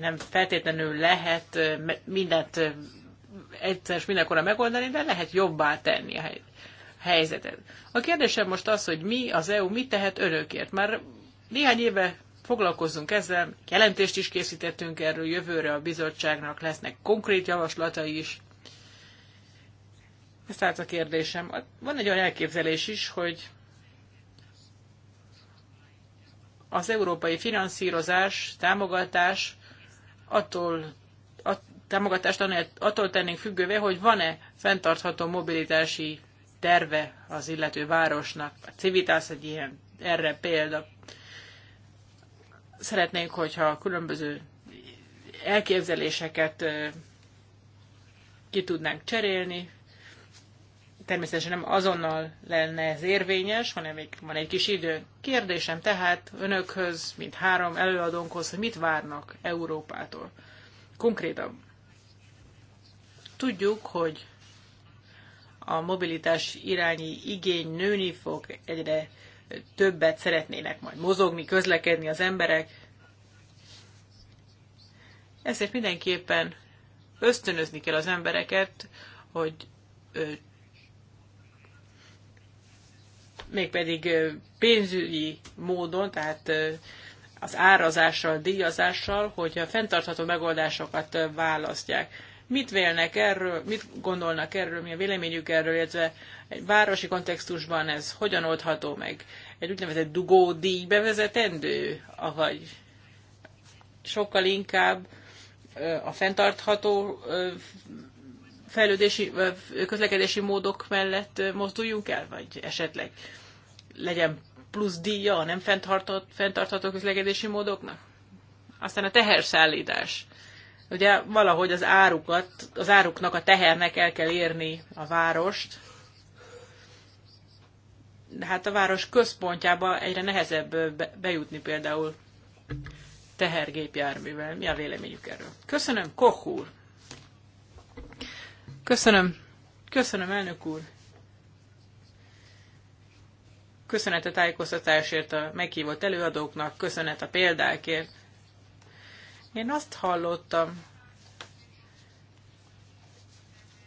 nem feltétlenül lehet mindent egyszer és mindenkorra megoldani, de lehet jobbá tenni a helyzetet. A kérdésem most az, hogy mi az EU mit tehet önökért. Már néhány éve foglalkozzunk ezzel, jelentést is készítettünk erről, jövőre a bizottságnak lesznek konkrét javaslatai is. Ez tehát a kérdésem. Van egy olyan elképzelés is, hogy az európai finanszírozás, támogatás attól a támogatást attól tennénk függővé, hogy van-e fenntartható mobilitási terve az illető városnak. A Civitas egy ilyen erre példa. Szeretnénk, hogyha a különböző elképzeléseket ki tudnánk cserélni, természetesen nem azonnal lenne ez érvényes, hanem még van egy kis idő. Kérdésem tehát önökhöz, mint három előadónkhoz, hogy mit várnak Európától. Konkrétan. Tudjuk, hogy a mobilitás irányi igény nőni fog, egyre többet szeretnének majd mozogni, közlekedni az emberek. Ezért mindenképpen ösztönözni kell az embereket, hogy mégpedig pénzügyi módon, tehát az árazással, díjazással, hogy a fenntartható megoldásokat választják. Mit vélnek erről, mit gondolnak erről, mi a véleményük erről, illetve egy városi kontextusban ez hogyan oldható meg? Egy úgynevezett dugódíj bevezetendő, ahogy sokkal inkább a fenntartható fejlődési, közlekedési módok mellett mozduljunk el, vagy esetleg legyen plusz díja a nem fenntartható, fenntartható közlekedési módoknak? Aztán a teherszállítás. Ugye valahogy az árukat, az áruknak, a tehernek el kell érni a várost, de hát a város központjába egyre nehezebb bejutni például tehergépjárművel. Mi a véleményük erről? Köszönöm, Koch úr! Köszönöm. Köszönöm, elnök úr. Köszönet a tájékoztatásért a meghívott előadóknak, köszönet a példákért. Én azt hallottam,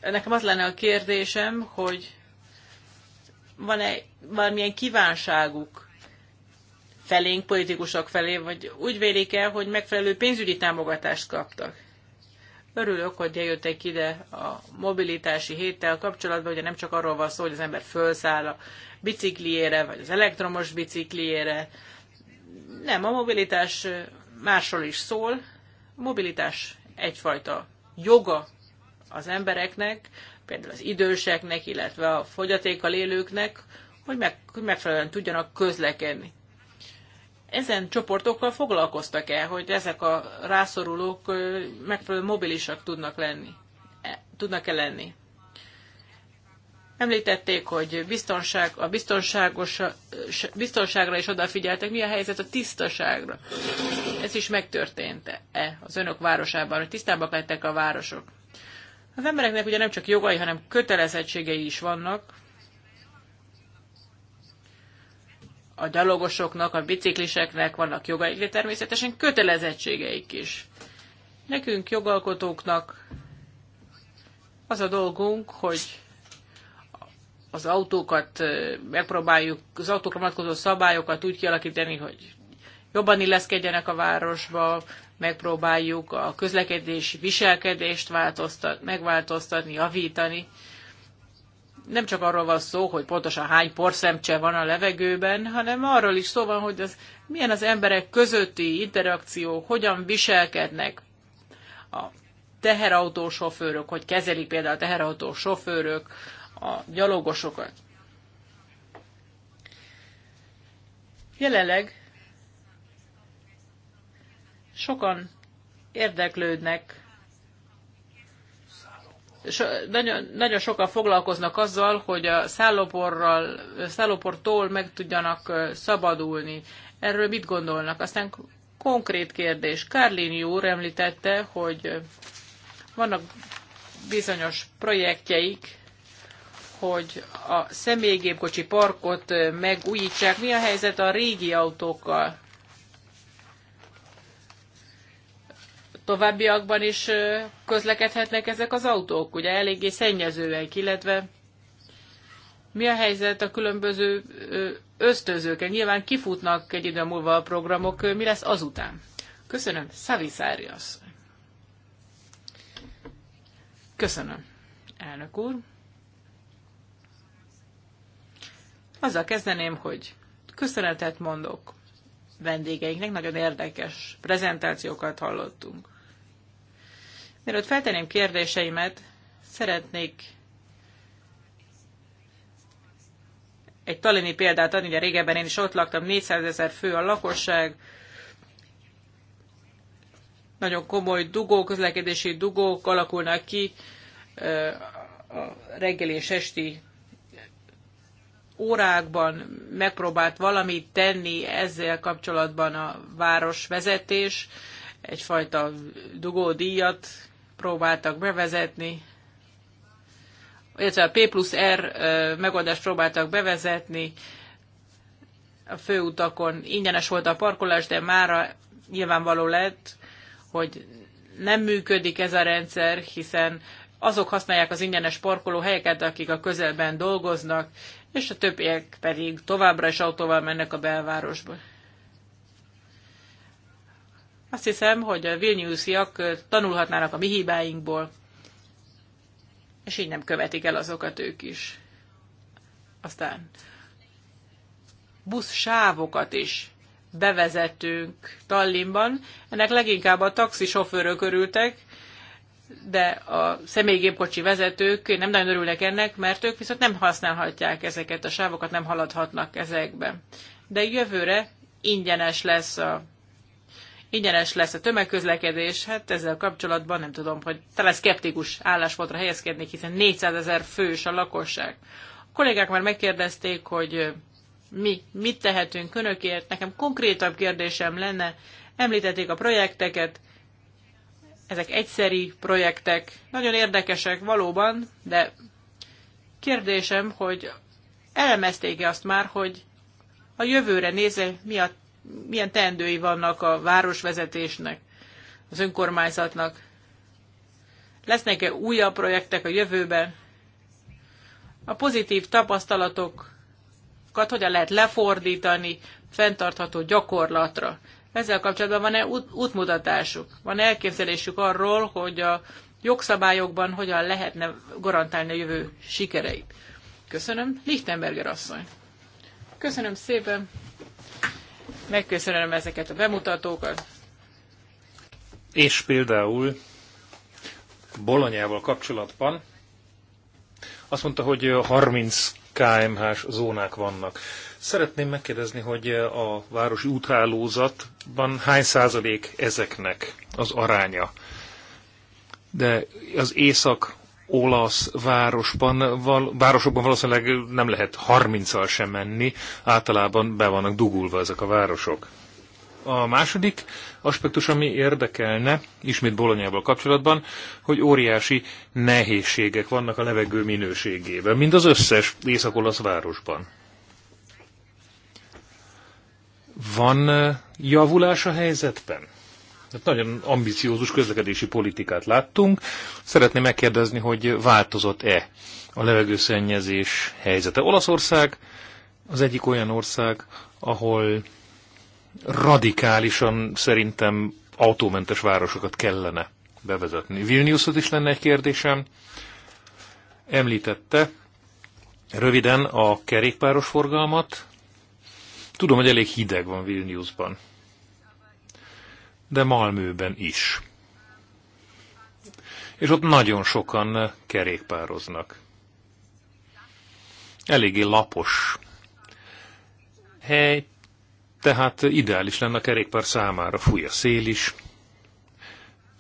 nekem az lenne a kérdésem, hogy van-e valamilyen kívánságuk felénk, politikusok felé, vagy úgy vélik el, hogy megfelelő pénzügyi támogatást kaptak. Örülök, hogy eljöttek ide a mobilitási héttel kapcsolatban, ugye nem csak arról van szó, hogy az ember felszáll a bicikliére, vagy az elektromos bicikliére. Nem, a mobilitás másról is szól. A mobilitás egyfajta joga az embereknek, például az időseknek, illetve a fogyatékkal élőknek, hogy, meg, hogy megfelelően tudjanak közlekedni ezen csoportokkal foglalkoztak el, hogy ezek a rászorulók megfelelő mobilisak tudnak lenni, e, tudnak-e lenni. Említették, hogy biztonság, a biztonságos, biztonságra is odafigyeltek. Mi a helyzet a tisztaságra? Ez is megtörtént-e az önök városában, hogy tisztábbak lettek a városok? Az embereknek ugye nem csak jogai, hanem kötelezettségei is vannak, a gyalogosoknak, a bicikliseknek vannak jogaik, de természetesen kötelezettségeik is. Nekünk, jogalkotóknak az a dolgunk, hogy az autókat megpróbáljuk, az autókra vonatkozó szabályokat úgy kialakítani, hogy jobban illeszkedjenek a városba, megpróbáljuk a közlekedési viselkedést változtat, megváltoztatni, javítani nem csak arról van szó, hogy pontosan hány porszemcse van a levegőben, hanem arról is szó van, hogy az, milyen az emberek közötti interakció, hogyan viselkednek a sofőrök, hogy kezelik például a sofőrök, a gyalogosokat. Jelenleg sokan érdeklődnek so, nagyon, nagyon sokan foglalkoznak azzal, hogy a szállóporral, szállóportól meg tudjanak szabadulni. Erről mit gondolnak? Aztán konkrét kérdés. Kárlini úr említette, hogy vannak bizonyos projektjeik, hogy a személygépkocsi parkot megújítsák. Mi a helyzet a régi autókkal? továbbiakban is közlekedhetnek ezek az autók, ugye eléggé szennyezőek, illetve mi a helyzet a különböző ösztönzőkkel? Nyilván kifutnak egy idő múlva a programok, mi lesz azután? Köszönöm, Szaviszári Köszönöm, elnök úr. Azzal kezdeném, hogy köszönetet mondok vendégeinknek, nagyon érdekes prezentációkat hallottunk. Mielőtt feltenném kérdéseimet, szeretnék egy talini példát adni, ugye régebben én is ott laktam, 400 ezer fő a lakosság, nagyon komoly dugók, közlekedési dugók alakulnak ki a reggel és esti órákban megpróbált valamit tenni ezzel kapcsolatban a városvezetés, egyfajta dugódíjat próbáltak bevezetni, illetve a P plusz R megoldást próbáltak bevezetni, a főutakon ingyenes volt a parkolás, de mára nyilvánvaló lett, hogy nem működik ez a rendszer, hiszen azok használják az ingyenes parkolóhelyeket, akik a közelben dolgoznak, és a többiek pedig továbbra is autóval mennek a belvárosba. Azt hiszem, hogy a vilniusziak tanulhatnának a mi hibáinkból, és így nem követik el azokat ők is. Aztán busz sávokat is bevezetünk Tallinnban. Ennek leginkább a taxi sofőrök örültek, de a személygépkocsi vezetők nem nagyon örülnek ennek, mert ők viszont nem használhatják ezeket a sávokat, nem haladhatnak ezekbe. De jövőre ingyenes lesz a ingyenes lesz a tömegközlekedés, hát ezzel kapcsolatban nem tudom, hogy talán szkeptikus álláspontra helyezkednék, hiszen 400 ezer fős a lakosság. A kollégák már megkérdezték, hogy mi mit tehetünk önökért. Nekem konkrétabb kérdésem lenne, említették a projekteket, ezek egyszeri projektek, nagyon érdekesek valóban, de kérdésem, hogy elemezték-e azt már, hogy a jövőre nézve mi a milyen teendői vannak a városvezetésnek, az önkormányzatnak. Lesznek-e újabb projektek a jövőben? A pozitív tapasztalatokat hogyan lehet lefordítani fenntartható gyakorlatra? Ezzel kapcsolatban van-e út, útmutatásuk? Van -e elképzelésük arról, hogy a jogszabályokban hogyan lehetne garantálni a jövő sikereit? Köszönöm. Lichtenberger asszony. Köszönöm szépen. Megköszönöm ezeket a bemutatókat. És például Bolonyával kapcsolatban azt mondta, hogy 30 KMH-s zónák vannak. Szeretném megkérdezni, hogy a városi úthálózatban hány százalék ezeknek az aránya? De az észak olasz városban, val, városokban valószínűleg nem lehet 30-al sem menni, általában be vannak dugulva ezek a városok. A második aspektus, ami érdekelne, ismét Bolonyával kapcsolatban, hogy óriási nehézségek vannak a levegő minőségében, mind az összes észak-olasz városban. Van eh, javulás a helyzetben? Hát nagyon ambiciózus közlekedési politikát láttunk. Szeretném megkérdezni, hogy változott-e a levegőszennyezés helyzete. Olaszország az egyik olyan ország, ahol radikálisan szerintem autómentes városokat kellene bevezetni. Vilniuszot is lenne egy kérdésem. Említette röviden a kerékpáros forgalmat. Tudom, hogy elég hideg van Vilniuszban de Malmőben is. És ott nagyon sokan eh, kerékpároznak. Eléggé lapos hely, tehát ideális lenne a kerékpár számára, fúj a szél is.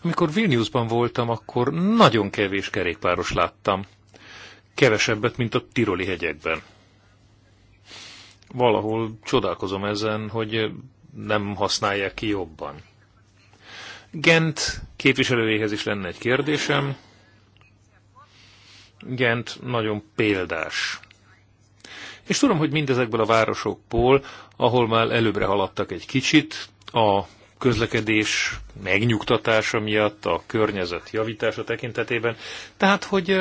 Amikor Vilniusban voltam, akkor nagyon kevés kerékpáros láttam. Kevesebbet, mint a Tiroli hegyekben. Valahol csodálkozom ezen, hogy nem használják ki jobban. Gent képviselőjéhez is lenne egy kérdésem. Gent nagyon példás. És tudom, hogy mindezekből a városokból, ahol már előbbre haladtak egy kicsit, a közlekedés megnyugtatása miatt, a környezet javítása tekintetében. Tehát, hogy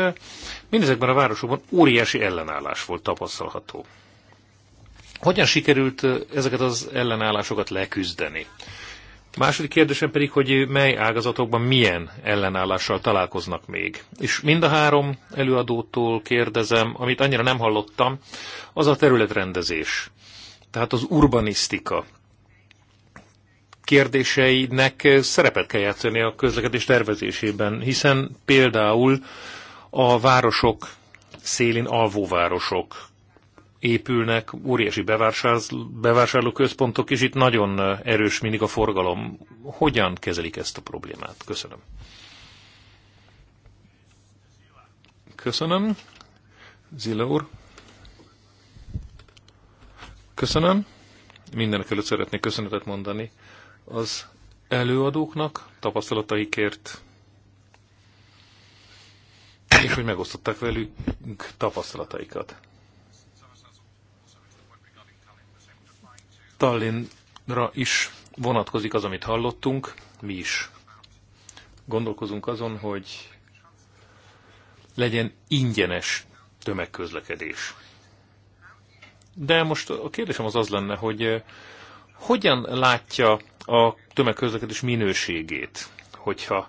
mindezekben a városokban óriási ellenállás volt tapasztalható. Hogyan sikerült ezeket az ellenállásokat leküzdeni? második kérdésem pedig, hogy mely ágazatokban milyen ellenállással találkoznak még. És mind a három előadótól kérdezem, amit annyira nem hallottam, az a területrendezés. Tehát az urbanisztika kérdéseinek szerepet kell játszani a közlekedés tervezésében, hiszen például a városok szélén alvóvárosok épülnek, óriási bevásárlóközpontok, és itt nagyon erős mindig a forgalom. Hogyan kezelik ezt a problémát? Köszönöm. Köszönöm. Zilla úr. Köszönöm. Mindenek előtt szeretnék köszönetet mondani az előadóknak tapasztalataikért, és hogy megosztották velünk tapasztalataikat. Tallinnra is vonatkozik az, amit hallottunk, mi is. Gondolkozunk azon, hogy legyen ingyenes tömegközlekedés. De most a kérdésem az az lenne, hogy eh, hogyan látja a tömegközlekedés minőségét, hogyha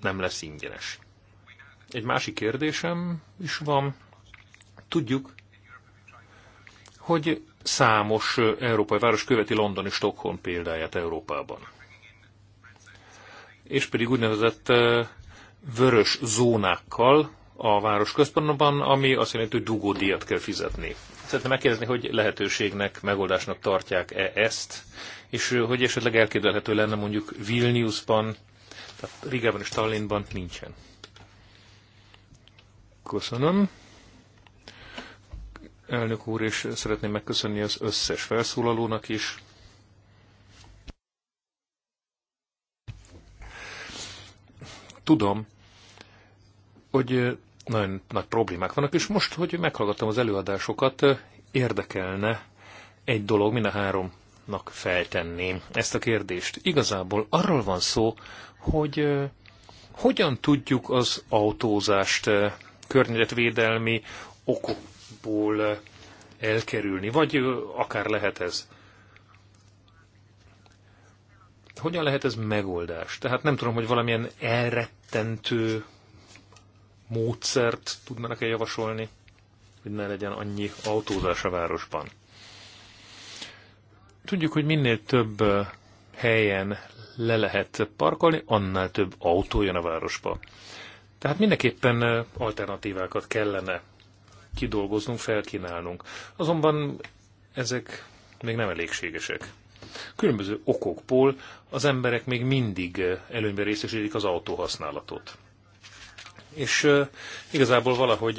nem lesz ingyenes? Egy másik kérdésem is van. Tudjuk, hogy számos európai város követi London és Stockholm példáját Európában. És pedig úgynevezett vörös zónákkal a város központban, ami azt jelenti, hogy dugódíjat kell fizetni. Szeretném megkérdezni, hogy lehetőségnek, megoldásnak tartják-e ezt, és hogy esetleg elképzelhető lenne mondjuk Vilniusban, tehát Rigában és Tallinnban nincsen. Köszönöm elnök úr, és szeretném megköszönni az összes felszólalónak is. Tudom, hogy nagyon nagy problémák vannak, és most, hogy meghallgattam az előadásokat, érdekelne egy dolog, mind a háromnak feltenném ezt a kérdést. Igazából arról van szó, hogy eh, hogyan tudjuk az autózást eh, környezetvédelmi okok alapból elkerülni, vagy akár lehet ez. Hogyan lehet ez megoldás? Tehát nem tudom, hogy valamilyen elrettentő módszert tudnának-e javasolni, hogy ne legyen annyi autózás a városban. Tudjuk, hogy minél több helyen le lehet parkolni, annál több autó jön a városba. Tehát mindenképpen alternatívákat kellene kidolgoznunk, felkínálnunk. Azonban ezek még nem elégségesek. Különböző okokból az emberek még mindig előnyben részesítik az autóhasználatot. És igazából valahogy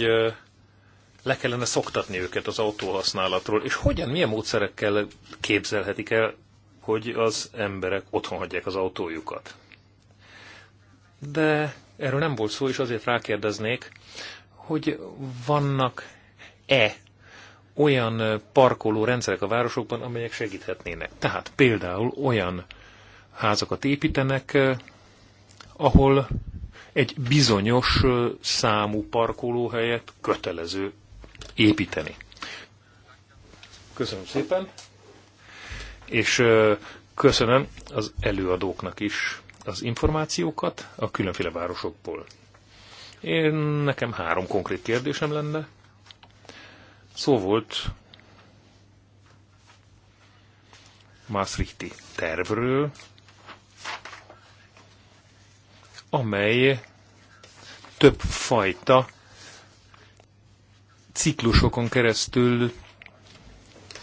le kellene szoktatni őket az autóhasználatról, és hogyan, milyen módszerekkel képzelhetik el, hogy az emberek otthon hagyják az autójukat. De erről nem volt szó, és azért rákérdeznék, hogy vannak-e olyan parkoló rendszerek a városokban, amelyek segíthetnének. Tehát például olyan házakat építenek, ahol egy bizonyos számú parkolóhelyet kötelező építeni. Köszönöm szépen, és köszönöm az előadóknak is az információkat a különféle városokból. Én nekem három konkrét kérdésem lenne. Szó volt Maastrichti tervről, amely több fajta ciklusokon keresztül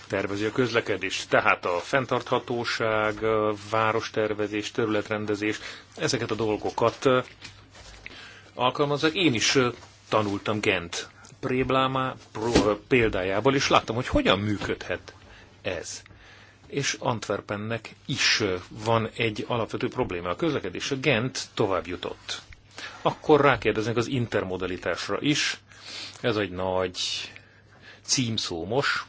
tervezi a közlekedést. Tehát a fenntarthatóság, várostervezés, területrendezés, ezeket a dolgokat alkalmazzák. Én is tanultam Gent Préblámá példájából, és láttam, hogy hogyan működhet ez. És Antwerpennek is van egy alapvető probléma a közlekedés. A Gent tovább jutott. Akkor rákérdeznek az intermodalitásra is. Ez egy nagy címszó most.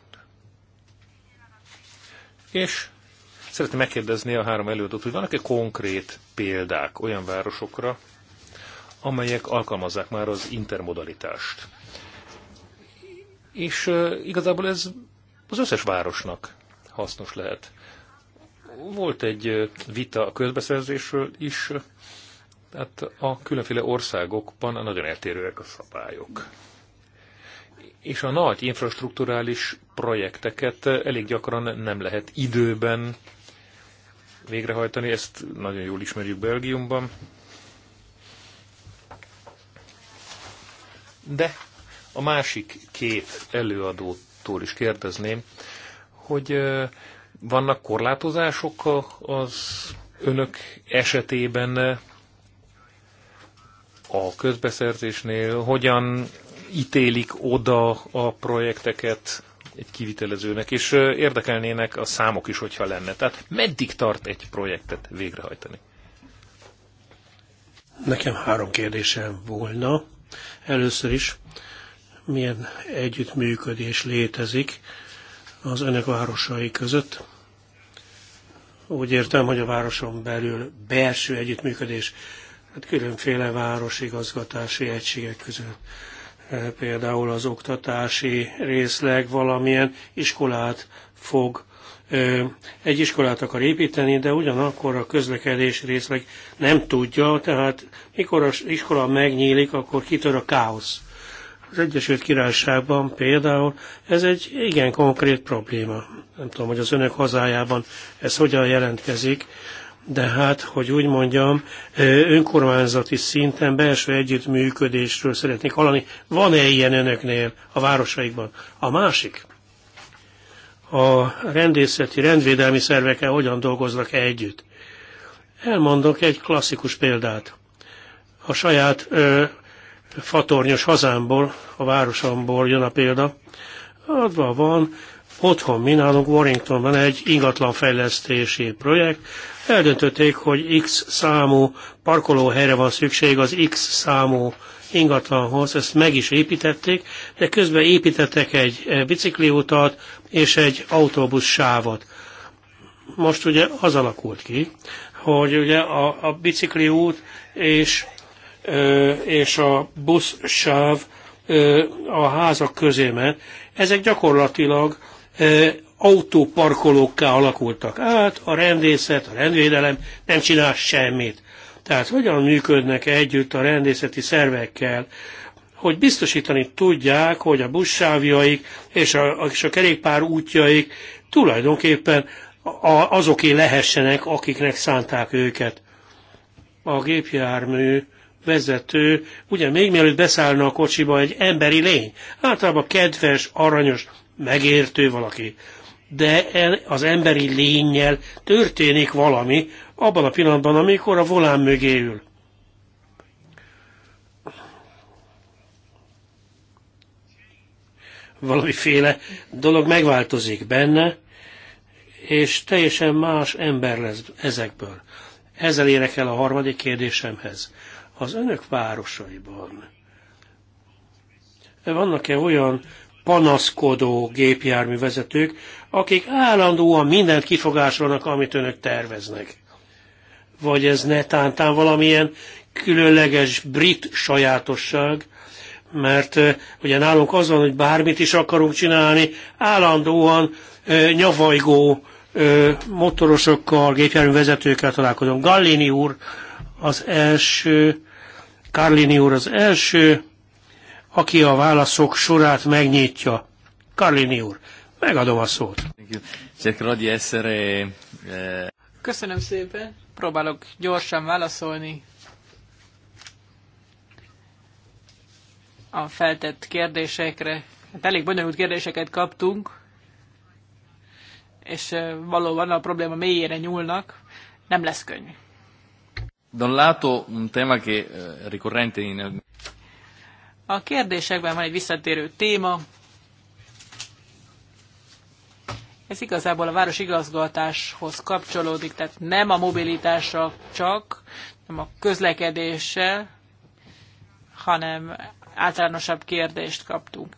És szeretném megkérdezni a három előadót, hogy vannak-e konkrét példák olyan városokra, amelyek alkalmazzák már az intermodalitást. És igazából ez az összes városnak hasznos lehet. Volt egy vita a közbeszerzésről is, tehát a különféle országokban nagyon eltérőek a szabályok. És a nagy infrastruktúrális projekteket elég gyakran nem lehet időben végrehajtani, ezt nagyon jól ismerjük Belgiumban, De a másik két előadótól is kérdezném, hogy vannak korlátozások az önök esetében a közbeszerzésnél, hogyan ítélik oda a projekteket egy kivitelezőnek, és érdekelnének a számok is, hogyha lenne. Tehát meddig tart egy projektet végrehajtani? Nekem három kérdésem volna. Először is, milyen együttműködés létezik az önök városai között. Úgy értem, hogy a városon belül belső együttműködés, hát különféle városigazgatási egységek között e, például az oktatási részleg valamilyen iskolát fog egy iskolát akar építeni, de ugyanakkor a közlekedés részleg nem tudja, tehát mikor az iskola megnyílik, akkor kitör a káosz. Az Egyesült Királyságban például ez egy igen konkrét probléma. Nem tudom, hogy az önök hazájában ez hogyan jelentkezik, de hát, hogy úgy mondjam, önkormányzati szinten belső együttműködésről szeretnék hallani. Van-e ilyen önöknél a városaikban? A másik, a rendészeti, rendvédelmi szervekkel hogyan dolgoznak -e együtt. Elmondok egy klasszikus példát. A saját ö, fatornyos hazámból, a városomból jön a példa. Adva van, otthon mi nálunk Warringtonban egy ingatlanfejlesztési projekt. Eldöntötték, hogy X számú parkolóhelyre van szükség az X számú ingatlanhoz, ezt meg is építették, de közben építettek egy eh, bicikliutat és egy autóbusz sávot. Most ugye az alakult ki, hogy ugye a, a bicikliút és, eh, és a sáv eh, a házak közé ment, ezek gyakorlatilag autóparkolókká alakultak át, a rendészet, a rendvédelem nem csinál semmit. Tehát hogyan működnek együtt a rendészeti szervekkel, hogy biztosítani tudják, hogy a buszsávjaik és a, és a kerékpár útjaik tulajdonképpen a, azoké lehessenek, akiknek szánták őket. A gépjármű vezető, ugye még mielőtt beszállna a kocsiba egy emberi lény, általában kedves, aranyos, megértő valaki de az emberi lényel történik valami abban a pillanatban, amikor a volán mögé ül. Valamiféle dolog megváltozik benne, és teljesen más ember lesz ezekből. Ezzel érek el a harmadik kérdésemhez. Az önök városaiban vannak-e olyan panaszkodó gépjárművezetők, akik állandóan mindent kifogásolnak, amit önök terveznek. Vagy ez netántán valamilyen különleges brit sajátosság, mert ugye nálunk az van, hogy bármit is akarunk csinálni, állandóan nyavalygó motorosokkal, gépjárművezetőkkel találkozom. Gallini úr az első, Carlini úr az első aki a válaszok sorát megnyitja. Karlini úr, megadom a szót. Eh, Köszönöm szépen. Próbálok gyorsan válaszolni a feltett kérdésekre. Hát elég bonyolult kérdéseket kaptunk, és eh, valóban a probléma mélyére nyúlnak. Nem lesz könnyű. Da un lato un tema che eh, ricorrente in a kérdésekben van egy visszatérő téma. Ez igazából a városigazgatáshoz kapcsolódik, tehát nem a mobilitással csak, nem a közlekedéssel, hanem általánosabb kérdést kaptunk.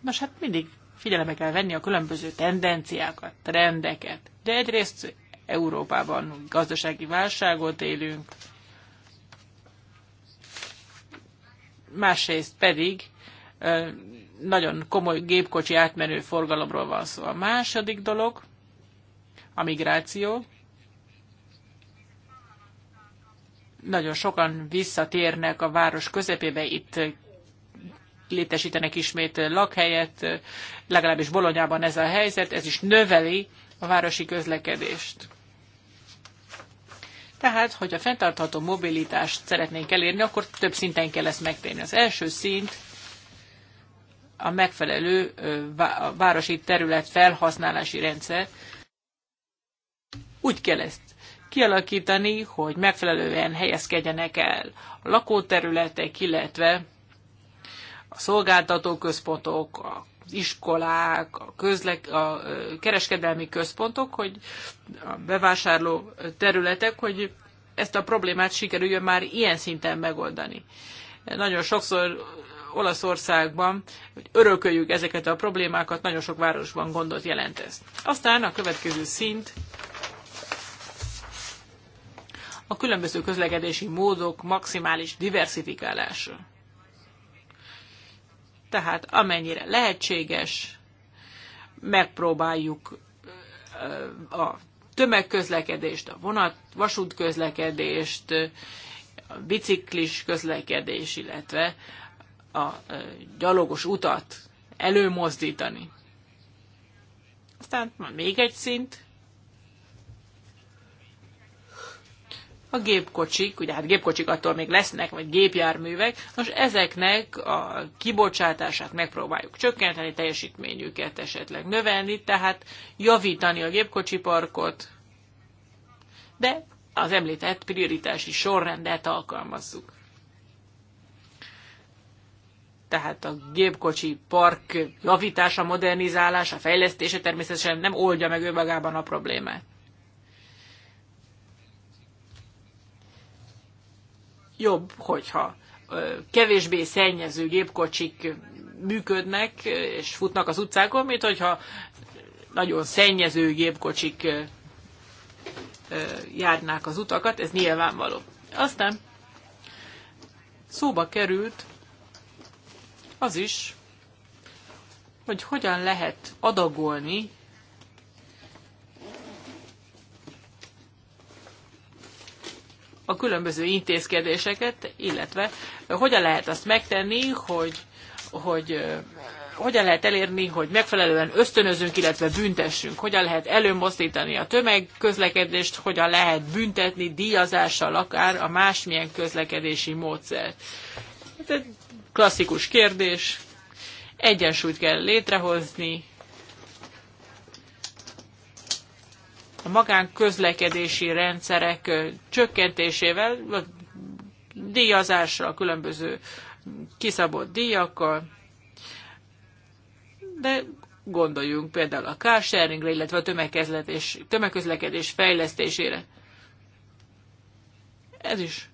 Nos, hát mindig figyelembe kell venni a különböző tendenciákat, trendeket. De egyrészt Európában gazdasági válságot élünk, másrészt pedig nagyon komoly gépkocsi átmenő forgalomról van szó. A második dolog a migráció. Nagyon sokan visszatérnek a város közepébe, itt létesítenek ismét lakhelyet, legalábbis Bolonyában ez a helyzet, ez is növeli a városi közlekedést. Tehát, hogyha fenntartható mobilitást szeretnénk elérni, akkor több szinten kell ezt megtenni. Az első szint a megfelelő városi terület felhasználási rendszer. Úgy kell ezt kialakítani, hogy megfelelően helyezkedjenek el a lakóterületek, illetve a szolgáltatóközpontok, a iskolák, a, közlek, a kereskedelmi központok, hogy a bevásárló területek, hogy ezt a problémát sikerüljön már ilyen szinten megoldani. Nagyon sokszor Olaszországban, hogy örököljük ezeket a problémákat, nagyon sok városban gondot jelent ez. Aztán a következő szint a különböző közlekedési módok maximális diversifikálása tehát amennyire lehetséges, megpróbáljuk a tömegközlekedést, a vonat, vasútközlekedést, a biciklis közlekedés, illetve a gyalogos utat előmozdítani. Aztán még egy szint, a gépkocsik, ugye hát gépkocsik attól még lesznek, vagy gépjárművek, most ezeknek a kibocsátását megpróbáljuk csökkenteni, teljesítményüket esetleg növelni, tehát javítani a gépkocsi parkot, de az említett prioritási sorrendet alkalmazzuk. Tehát a gépkocsi park javítása, modernizálása, fejlesztése természetesen nem oldja meg önmagában a problémát. jobb, hogyha kevésbé szennyező gépkocsik működnek és futnak az utcákon, mint hogyha nagyon szennyező gépkocsik járnák az utakat, ez nyilvánvaló. Aztán szóba került az is, hogy hogyan lehet adagolni a különböző intézkedéseket, illetve hogyan lehet azt megtenni, hogy, hogy hogyan lehet elérni, hogy megfelelően ösztönözünk, illetve büntessünk, hogyan lehet előmozdítani a tömegközlekedést, hogyan lehet büntetni díjazással akár a másmilyen közlekedési módszert. Ez hát egy klasszikus kérdés. Egyensúlyt kell létrehozni, a magánközlekedési rendszerek csökkentésével, díjazással, a különböző kiszabott díjakkal, de gondoljunk például a carsharingre, illetve a tömegközlekedés, tömegközlekedés fejlesztésére. Ez is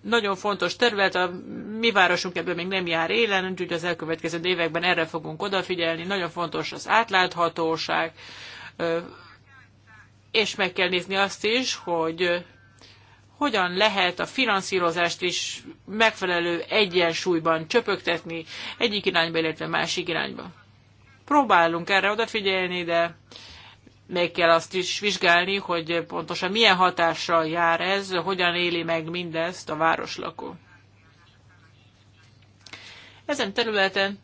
nagyon fontos terület, a mi városunk ebben még nem jár élen, úgyhogy az elkövetkező években erre fogunk odafigyelni. Nagyon fontos az átláthatóság, és meg kell nézni azt is, hogy hogyan lehet a finanszírozást is megfelelő egyensúlyban csöpögtetni egyik irányba, illetve másik irányba. Próbálunk erre odafigyelni, de meg kell azt is vizsgálni, hogy pontosan milyen hatással jár ez, hogyan éli meg mindezt a városlakó. Ezen területen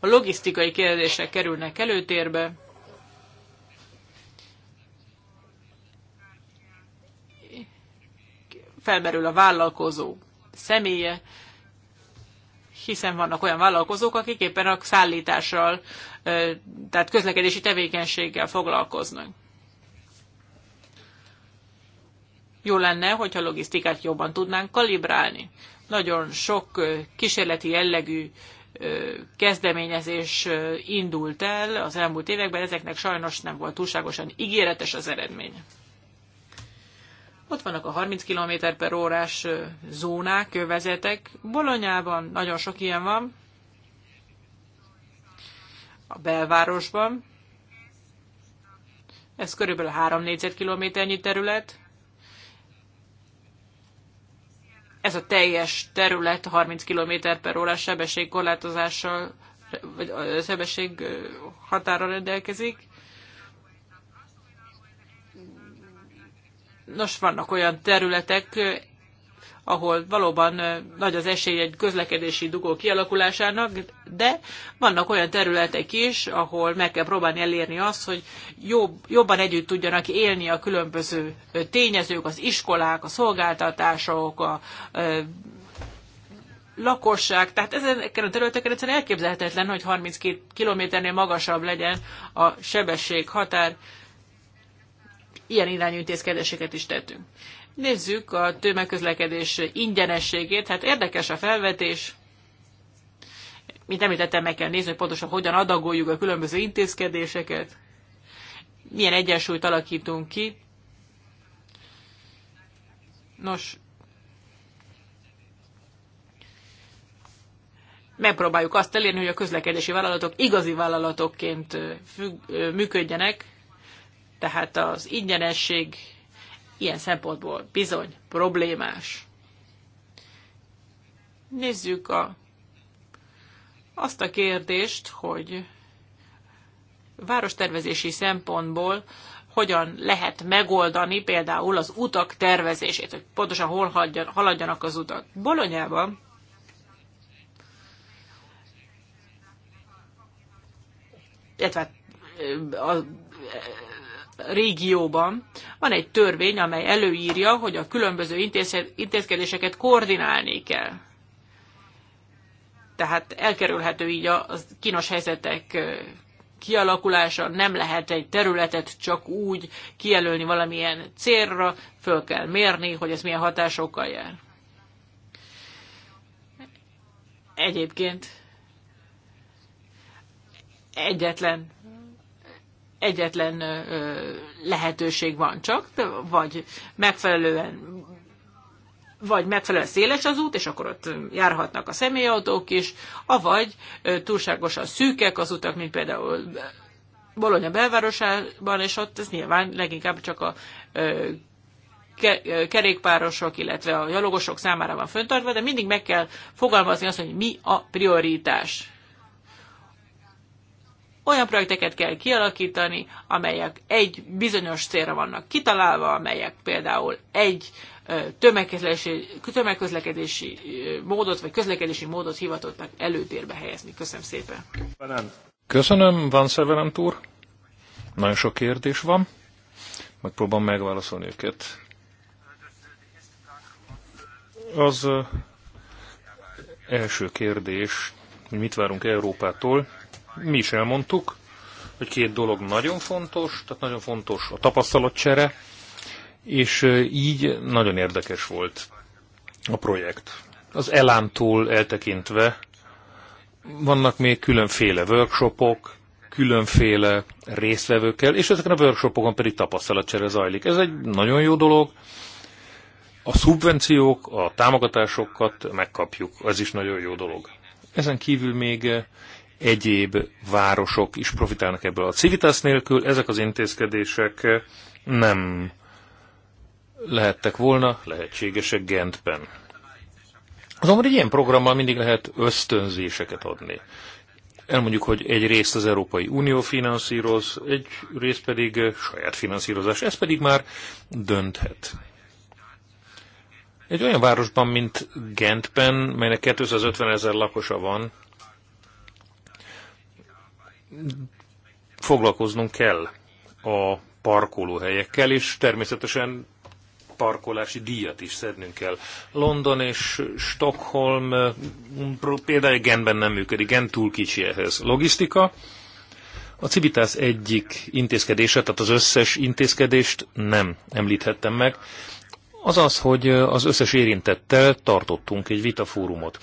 a logisztikai kérdések kerülnek előtérbe, felmerül a vállalkozó személye, hiszen vannak olyan vállalkozók, akik éppen a szállítással, tehát közlekedési tevékenységgel foglalkoznak. Jó lenne, hogyha a logisztikát jobban tudnánk kalibrálni. Nagyon sok kísérleti jellegű kezdeményezés indult el az elmúlt években, ezeknek sajnos nem volt túlságosan ígéretes az eredmény. Ott vannak a 30 km per órás zónák, kövezetek. Bolonyában nagyon sok ilyen van. A belvárosban. Ez körülbelül 3 négyzetkilométernyi terület. Ez a teljes terület 30 km per órás sebességkorlátozással, vagy sebesség határa rendelkezik Nos, vannak olyan területek, ahol valóban nagy az esély egy közlekedési dugó kialakulásának, de vannak olyan területek is, ahol meg kell próbálni elérni azt, hogy jobb, jobban együtt tudjanak élni a különböző tényezők, az iskolák, a szolgáltatások, a, a lakosság, tehát ezeken a területeken egyszerűen elképzelhetetlen, hogy 32 kilométernél magasabb legyen a sebesség határ ilyen irányú intézkedéseket is tettünk. Nézzük a tömegközlekedés ingyenességét. Hát érdekes a felvetés. Mint említettem, meg kell nézni, hogy pontosan hogyan adagoljuk a különböző intézkedéseket, milyen egyensúlyt alakítunk ki. Nos, megpróbáljuk azt elérni, hogy a közlekedési vállalatok igazi vállalatokként függ, működjenek, tehát az ingyenesség ilyen szempontból bizony problémás. Nézzük a, azt a kérdést, hogy várostervezési szempontból hogyan lehet megoldani például az utak tervezését, hogy pontosan hol haladjanak az utak. Bolonyában illetve a régióban van egy törvény, amely előírja, hogy a különböző intézkedéseket koordinálni kell. Tehát elkerülhető így a kínos helyzetek kialakulása, nem lehet egy területet csak úgy kijelölni valamilyen célra, föl kell mérni, hogy ez milyen hatásokkal jár. Egyébként egyetlen egyetlen lehetőség van csak, vagy megfelelően vagy megfelelően széles az út, és akkor ott járhatnak a személyautók is, avagy túlságosan szűkek az utak, mint például Bologna belvárosában, és ott ez nyilván leginkább csak a kerékpárosok, illetve a gyalogosok számára van föntartva, de mindig meg kell fogalmazni azt, hogy mi a prioritás olyan projekteket kell kialakítani, amelyek egy bizonyos célra vannak kitalálva, amelyek például egy tömegközlekedési, módot, vagy közlekedési módot hivatottak előtérbe helyezni. Köszönöm szépen. Köszönöm, Van Szevelent úr. Nagyon sok kérdés van. próbálom megválaszolni őket. Az első kérdés, hogy mit várunk Európától, mi is elmondtuk, hogy két dolog nagyon fontos, tehát nagyon fontos a tapasztalatcsere, és így nagyon érdekes volt a projekt. Az elántól eltekintve vannak még különféle workshopok, különféle résztvevőkkel, és ezeken a workshopokon pedig tapasztalatcsere zajlik. Ez egy nagyon jó dolog. A szubvenciók, a támogatásokat megkapjuk, ez is nagyon jó dolog. Ezen kívül még egyéb városok is profitálnak ebből. A civitas nélkül ezek az intézkedések nem lehettek volna lehetségesek Gentben. Azonban egy ilyen programmal mindig lehet ösztönzéseket adni. Elmondjuk, hogy egy részt az Európai Unió finanszíroz, egy rész pedig saját finanszírozás. Ez pedig már dönthet. Egy olyan városban, mint Gentben, melynek 250 ezer lakosa van, foglalkoznunk kell a parkolóhelyekkel, és természetesen parkolási díjat is szednünk kell. London és Stockholm mm, például Genben nem működik, Gen túl kicsi ehhez. Logisztika. A Civitas egyik intézkedése, tehát az összes intézkedést nem említhettem meg, az az, hogy az összes érintettel tartottunk egy vitafórumot.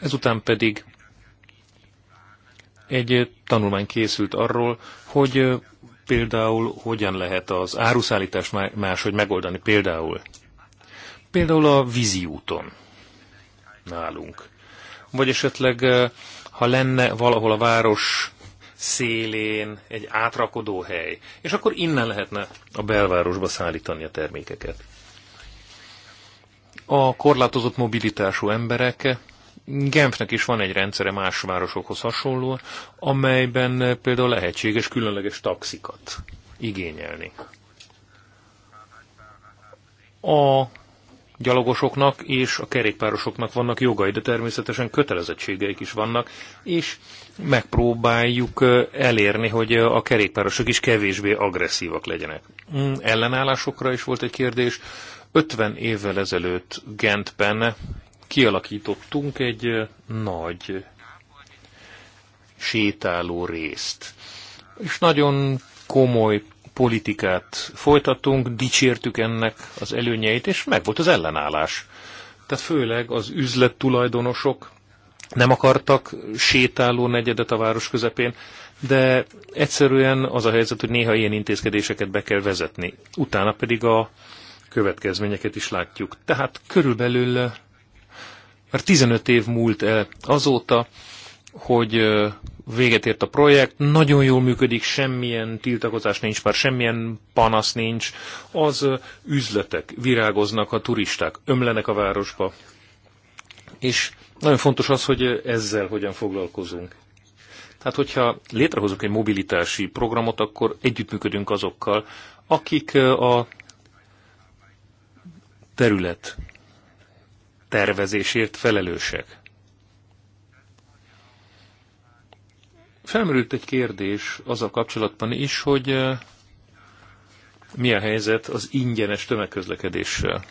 Ezután pedig egy tanulmány készült arról, hogy például hogyan lehet az áruszállítást máshogy megoldani, például, például a vízi úton nálunk. Vagy esetleg, ha lenne valahol a város szélén egy átrakodó hely, és akkor innen lehetne a belvárosba szállítani a termékeket. A korlátozott mobilitású emberek Genfnek is van egy rendszere más városokhoz hasonló, amelyben például lehetséges különleges taxikat igényelni. A gyalogosoknak és a kerékpárosoknak vannak jogai, de természetesen kötelezettségeik is vannak, és megpróbáljuk elérni, hogy a kerékpárosok is kevésbé agresszívak legyenek. Mm, ellenállásokra is volt egy kérdés. 50 évvel ezelőtt Gentben kialakítottunk egy nagy sétáló részt. És nagyon komoly politikát folytattunk, dicsértük ennek az előnyeit, és meg volt az ellenállás. Tehát főleg az üzlettulajdonosok nem akartak sétáló negyedet a város közepén, de egyszerűen az a helyzet, hogy néha ilyen intézkedéseket be kell vezetni. Utána pedig a következményeket is látjuk. Tehát körülbelül mert 15 év múlt el azóta, hogy véget ért a projekt, nagyon jól működik, semmilyen tiltakozás nincs már, semmilyen panasz nincs, az üzletek virágoznak, a turisták ömlenek a városba. És nagyon fontos az, hogy ezzel hogyan foglalkozunk. Tehát, hogyha létrehozunk egy mobilitási programot, akkor együttműködünk azokkal, akik a terület tervezésért felelősek. Felmerült egy kérdés az a kapcsolatban is, hogy mi a helyzet az ingyenes tömegközlekedéssel.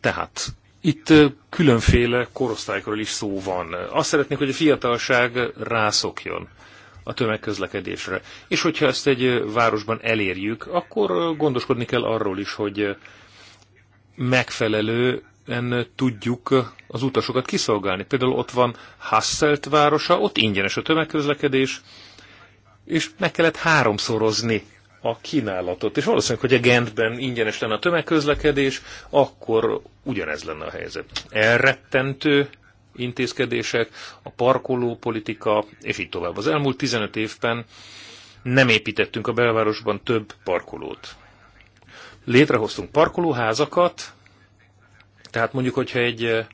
Tehát itt különféle korosztályokról is szó van. Azt szeretnék, hogy a fiatalság rászokjon a tömegközlekedésre. És hogyha ezt egy városban elérjük, akkor gondoskodni kell arról is, hogy megfelelően tudjuk az utasokat kiszolgálni. Például ott van Hasselt városa, ott ingyenes a tömegközlekedés, és meg kellett háromszorozni a kínálatot. És valószínűleg, hogy a Gentben ingyenes lenne a tömegközlekedés, akkor ugyanez lenne a helyzet. Elrettentő intézkedések, a parkoló politika, és így tovább. Az elmúlt 15 évben nem építettünk a belvárosban több parkolót. Létrehoztunk parkolóházakat, tehát mondjuk, hogyha egy eh,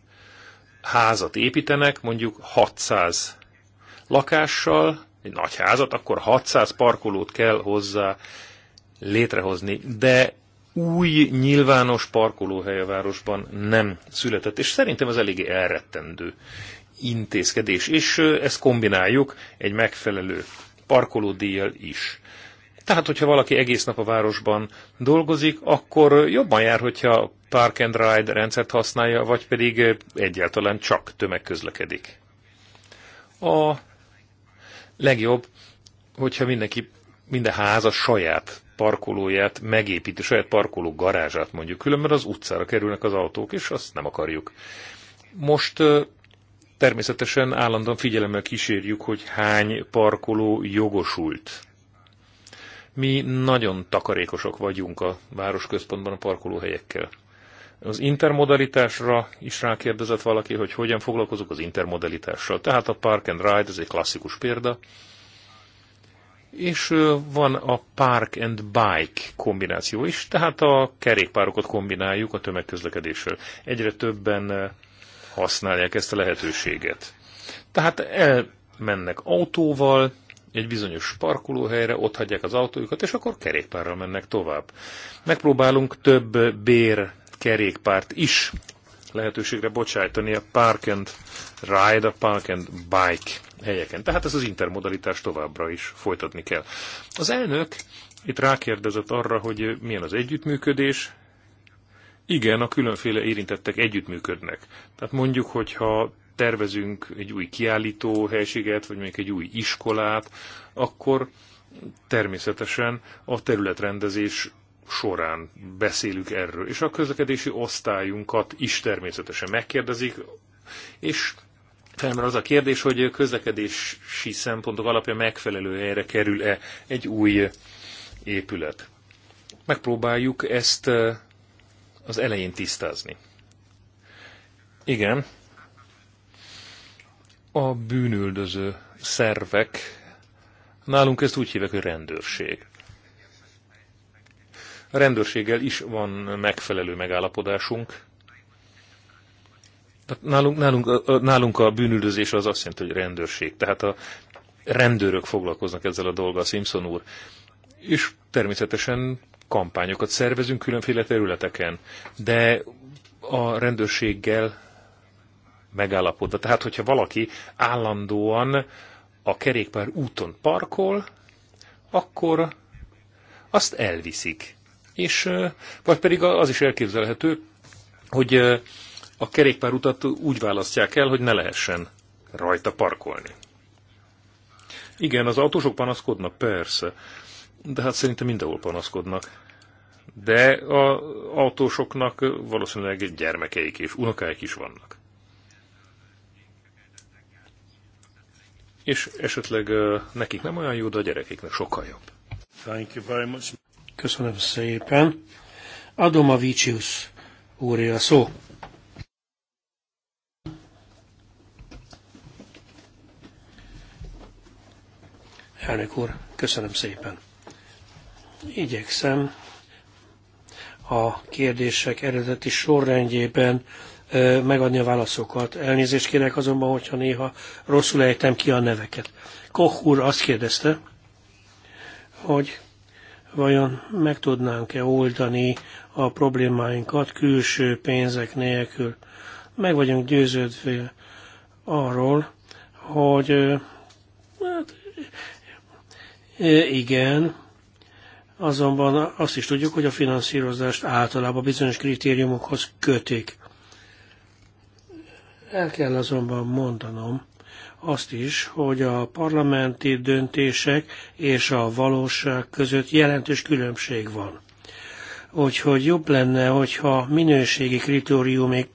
házat építenek, mondjuk 600 lakással, egy nagy házat, akkor 600 parkolót kell hozzá létrehozni. De új nyilvános parkolóhely a városban nem született, és szerintem ez eléggé elrettendő intézkedés, és eh, ezt kombináljuk egy megfelelő parkolódíjjal is. Tehát, hogyha valaki egész nap a városban dolgozik, akkor jobban jár, hogyha park and ride rendszert használja, vagy pedig egyáltalán csak tömegközlekedik. A legjobb, hogyha mindenki, minden ház a saját parkolóját megépíti, saját parkoló garázsát mondjuk, különben az utcára kerülnek az autók, és azt nem akarjuk. Most természetesen állandóan figyelemmel kísérjük, hogy hány parkoló jogosult mi nagyon takarékosak vagyunk a városközpontban a parkolóhelyekkel. Az intermodalitásra is rákérdezett valaki, hogy hogyan foglalkozunk az intermodalitással. Tehát a Park and Ride, ez egy klasszikus példa. És van a Park and Bike kombináció is, tehát a kerékpárokat kombináljuk a tömegközlekedéssel. Egyre többen használják ezt a lehetőséget. Tehát elmennek autóval, egy bizonyos parkolóhelyre, ott hagyják az autójukat, és akkor kerékpárral mennek tovább. Megpróbálunk több bér kerékpárt is lehetőségre bocsájtani a park and ride, a park and bike helyeken. Tehát ez az intermodalitás továbbra is folytatni kell. Az elnök itt rákérdezett arra, hogy milyen az együttműködés. Igen, a különféle érintettek együttműködnek. Tehát mondjuk, hogyha tervezünk egy új kiállító helységet, vagy még egy új iskolát, akkor természetesen a területrendezés során beszélünk erről. És a közlekedési osztályunkat is természetesen megkérdezik, és felmerül az a kérdés, hogy közlekedési szempontok alapja megfelelő helyre kerül-e egy új épület. Megpróbáljuk ezt eh, az elején tisztázni. Igen, a bűnüldöző szervek, nálunk ezt úgy hívják, hogy rendőrség. A rendőrséggel is van megfelelő megállapodásunk. Tehát nálunk, nálunk, nálunk a bűnüldözés az azt jelenti, hogy rendőrség. Tehát a rendőrök foglalkoznak ezzel a dolga, Simpson úr. És természetesen kampányokat szervezünk különféle területeken, de a rendőrséggel megállapodva. Tehát, hogyha valaki állandóan a kerékpár úton parkol, akkor azt elviszik. És, vagy pedig az is elképzelhető, hogy a kerékpárutat úgy választják el, hogy ne lehessen rajta parkolni. Igen, az autósok panaszkodnak, persze, de hát szerintem mindenhol panaszkodnak. De az autósoknak valószínűleg gyermekeik és unokáik is vannak. és esetleg nekik nem olyan jó, de a gyerekeknek sokkal jobb. Thank you very much. Köszönöm szépen. Adom a Vicius úré a szó. Elnök úr, köszönöm szépen. Igyekszem a kérdések eredeti sorrendjében megadni a válaszokat. Elnézést kérek azonban, hogyha néha rosszul ejtem ki a neveket. Koch úr azt kérdezte, hogy vajon meg tudnánk-e oldani a problémáinkat külső pénzek nélkül. Meg vagyunk győződve arról, hogy hát, igen, azonban azt is tudjuk, hogy a finanszírozást általában bizonyos kritériumokhoz kötik. El kell azonban mondanom azt is, hogy a parlamenti döntések és a valóság között jelentős különbség van. Úgyhogy jobb lenne, hogyha minőségi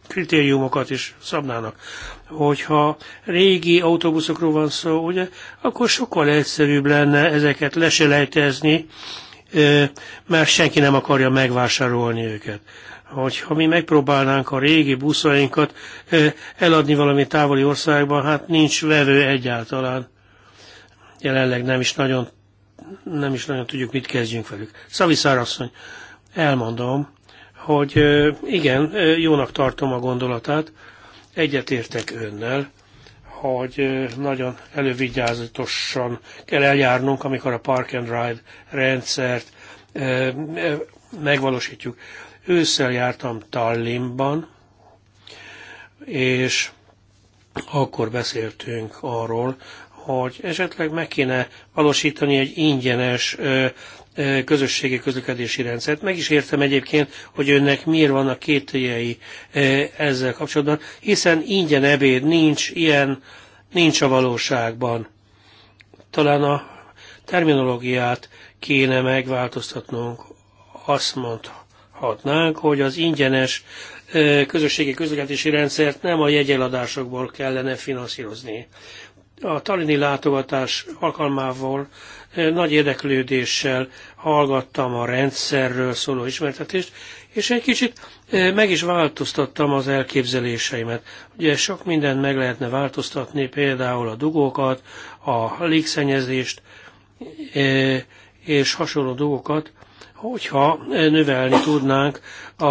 kritériumokat is szabnának. Hogyha régi autóbuszokról van szó, ugye, akkor sokkal egyszerűbb lenne ezeket leselejtezni, mert senki nem akarja megvásárolni őket hogy ha mi megpróbálnánk a régi buszainkat eladni valami távoli országban, hát nincs vevő egyáltalán. Jelenleg nem is nagyon, nem is nagyon tudjuk, mit kezdjünk velük. Szavi Szárasszony, elmondom, hogy igen, jónak tartom a gondolatát, egyetértek önnel, hogy nagyon elővigyázatosan kell eljárnunk, amikor a park and ride rendszert megvalósítjuk. Ősszel jártam Tallinnban, és akkor beszéltünk arról, hogy esetleg meg kéne valósítani egy ingyenes közösségi közlekedési rendszert. Meg is értem egyébként, hogy önnek miért vannak kételjei ezzel kapcsolatban, hiszen ingyen ebéd nincs, ilyen nincs a valóságban. Talán a terminológiát kéne megváltoztatnunk. Azt mondta, mondhatnánk, hogy az ingyenes közösségi közlekedési rendszert nem a jegyeladásokból kellene finanszírozni. A talini látogatás alkalmával nagy érdeklődéssel hallgattam a rendszerről szóló ismertetést, és egy kicsit meg is változtattam az elképzeléseimet. Ugye sok mindent meg lehetne változtatni, például a dugókat, a légszennyezést és hasonló dolgokat, hogyha növelni tudnánk a,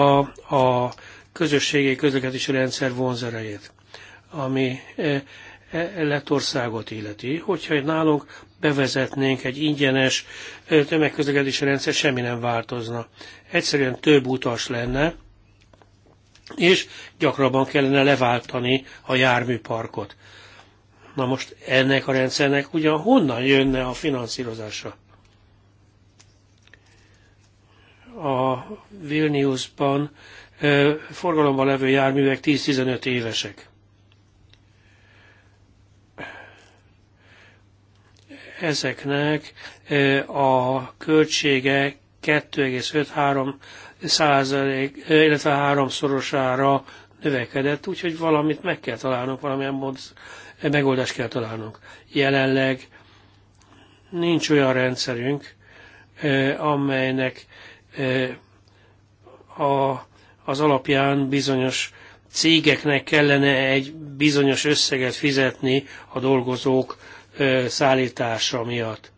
a közösségi közlekedési rendszer vonzerejét, ami e, e, Lettországot illeti. Hogyha nálunk bevezetnénk egy ingyenes e, tömegközlekedési rendszer, semmi nem változna. Egyszerűen több utas lenne, és gyakrabban kellene leváltani a járműparkot. Na most ennek a rendszernek ugyan honnan jönne a finanszírozása? a Vilniusban forgalomban levő járművek 10-15 évesek. Ezeknek a költsége 2,5-3 százalék, illetve háromszorosára növekedett, úgyhogy valamit meg kell találnunk, valamilyen mód, megoldást kell találnunk. Jelenleg nincs olyan rendszerünk, amelynek a, az alapján bizonyos cégeknek kellene egy bizonyos összeget fizetni a dolgozók szállítása miatt.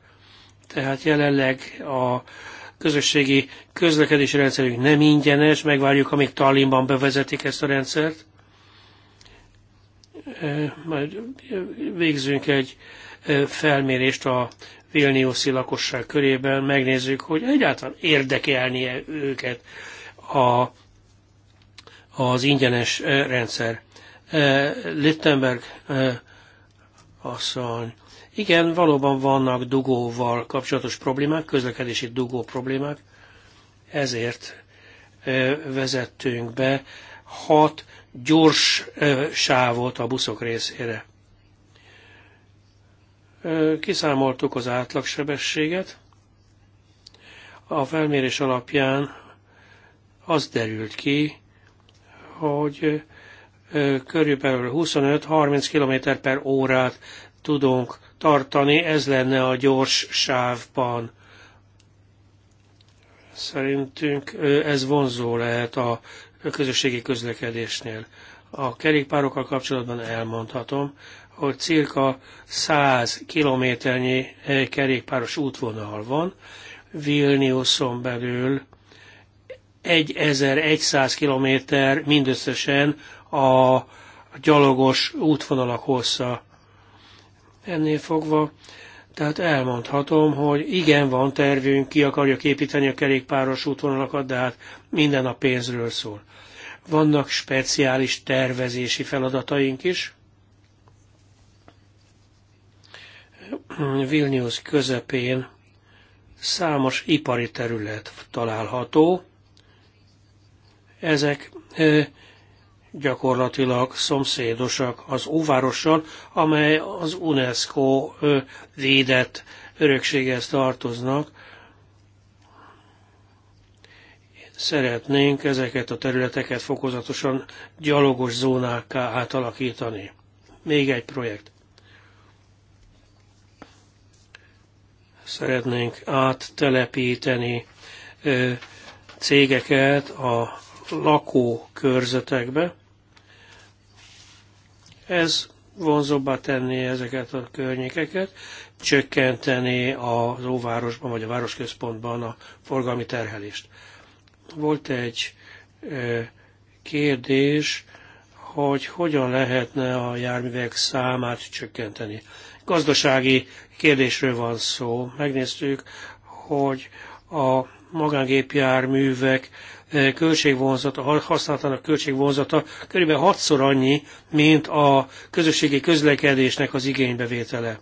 Tehát jelenleg a közösségi közlekedési rendszerünk nem ingyenes, megvárjuk, amíg Tallinnban bevezetik ezt a rendszert. Majd végzünk egy felmérést a vilniuszi lakosság körében megnézzük, hogy egyáltalán érdekelnie őket a, az ingyenes rendszer. Littenberg asszony. Igen, valóban vannak dugóval kapcsolatos problémák, közlekedési dugó problémák, ezért vezettünk be hat gyors sávot a buszok részére. Kiszámoltuk az átlagsebességet. A felmérés alapján az derült ki, hogy körülbelül 25-30 km per órát tudunk tartani, ez lenne a gyors sávban. Szerintünk ez vonzó lehet a közösségi közlekedésnél. A kerékpárokkal kapcsolatban elmondhatom, hogy cirka 100 kilométernyi eh, kerékpáros útvonal van, Vilniuson belül 1100 kilométer mindösszesen a gyalogos útvonalak hossza. Ennél fogva, tehát elmondhatom, hogy igen, van tervünk, ki akarja építeni a kerékpáros útvonalakat, de hát minden a pénzről szól. Vannak speciális tervezési feladataink is, Vilnius közepén számos ipari terület található. Ezek gyakorlatilag szomszédosak az óvárossal, amely az UNESCO védett örökséghez tartoznak. Szeretnénk ezeket a területeket fokozatosan gyalogos zónákká átalakítani. Még egy projekt. szeretnénk áttelepíteni cégeket a lakókörzetekbe. Ez vonzóbbá tenni ezeket a környékeket, csökkenteni az óvárosban vagy a városközpontban a forgalmi terhelést. Volt egy kérdés, hogy hogyan lehetne a járművek számát csökkenteni. Gazdasági kérdésről van szó. Megnéztük, hogy a magángépjárművek eh, költségvonzata, használatának költségvonzata kb. 6-szor annyi, mint a közösségi közlekedésnek az igénybevétele.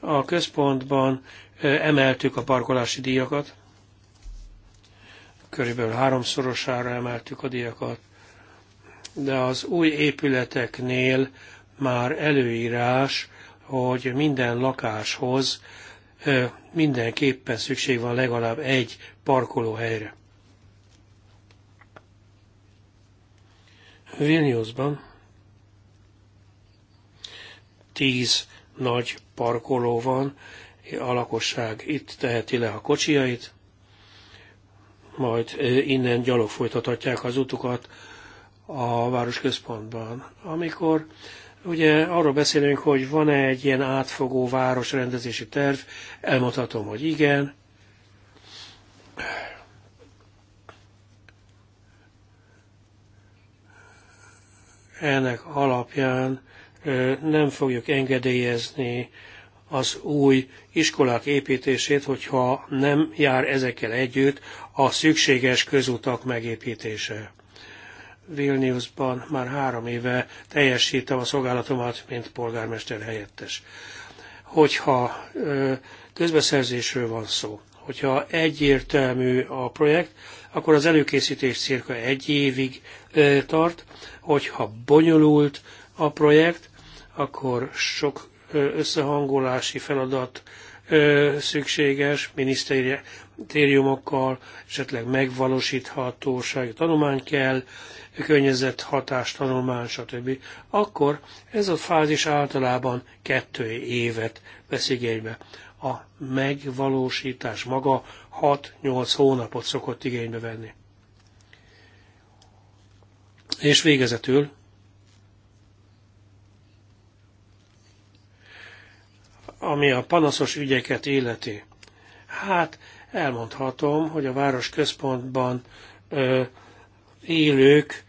A központban eh, emeltük a parkolási díjakat, körülbelül háromszorosára emeltük a díjakat, de az új épületeknél már előírás, hogy minden lakáshoz mindenképpen szükség van legalább egy parkolóhelyre. Vilniusban tíz nagy parkoló van, a lakosság itt teheti le a kocsiait, majd innen gyalog folytathatják az utukat a városközpontban. Amikor Ugye arról beszélünk, hogy van-e egy ilyen átfogó városrendezési terv, elmondhatom, hogy igen. Ennek alapján nem fogjuk engedélyezni az új iskolák építését, hogyha nem jár ezekkel együtt a szükséges közutak megépítése. Vilniusban már három éve teljesítem a szolgálatomat, mint polgármester helyettes. Hogyha közbeszerzésről van szó, hogyha egyértelmű a projekt, akkor az előkészítés cirka egy évig tart, hogyha bonyolult a projekt, akkor sok összehangolási feladat szükséges, kritériumokkal, esetleg megvalósíthatósági tanulmány kell, környezethatás, tanulmány, stb. Akkor ez a fázis általában kettő évet vesz igénybe. A megvalósítás maga 6-8 hónapot szokott igénybe venni. És végezetül ami a panaszos ügyeket életi. Hát elmondhatom, hogy a városközpontban élők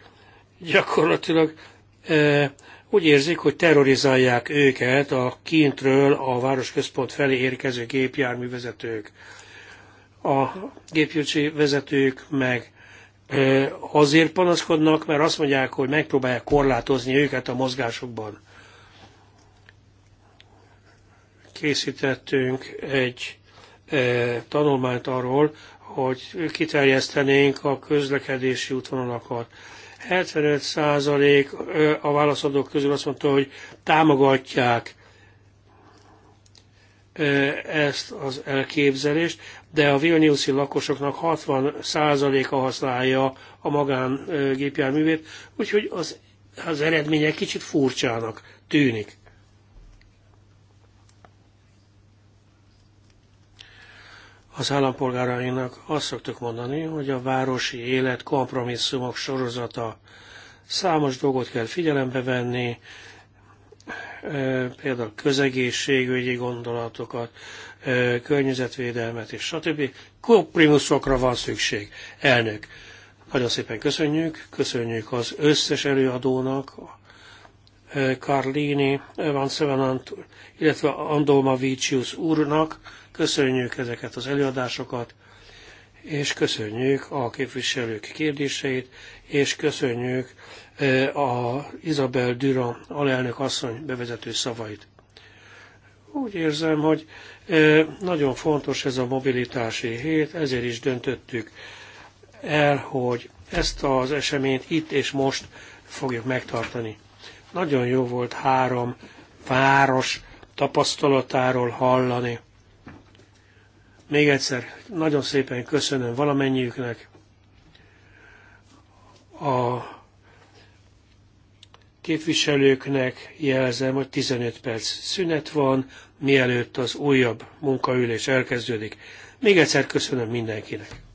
gyakorlatilag úgy érzik, hogy terrorizálják őket a kintről a városközpont felé érkező gépjárművezetők. A gépjárművezetők vezetők meg azért panaszkodnak, mert azt mondják, hogy megpróbálják korlátozni őket a mozgásokban. Készítettünk egy tanulmányt arról, hogy kiterjesztenénk a közlekedési útvonalakat. 75% a válaszadók közül azt mondta, hogy támogatják ezt az elképzelést, de a Vilniuszi lakosoknak 60%-a használja a magángépjárművét, úgyhogy az, az eredménye kicsit furcsának tűnik. az állampolgárainak azt szoktuk mondani, hogy a városi élet kompromisszumok sorozata. Számos dolgot kell figyelembe venni, például közegészségügyi gondolatokat, környezetvédelmet és stb. Kompromisszokra van szükség, elnök. Nagyon szépen köszönjük, köszönjük az összes előadónak Carlini, Van Szevenant, illetve Andolma Vicius úrnak. Köszönjük ezeket az előadásokat, és köszönjük a képviselők kérdéseit, és köszönjük eh, a Isabel Dura alelnök asszony bevezető szavait. Úgy érzem, hogy eh, nagyon fontos ez a mobilitási hét, ezért is döntöttük el, hogy ezt az eseményt itt és most fogjuk megtartani. Nagyon jó volt három város tapasztalatáról hallani. Még egyszer nagyon szépen köszönöm valamennyiüknek. A képviselőknek jelzem, hogy 15 perc szünet van, mielőtt az újabb munkaülés elkezdődik. Még egyszer köszönöm mindenkinek.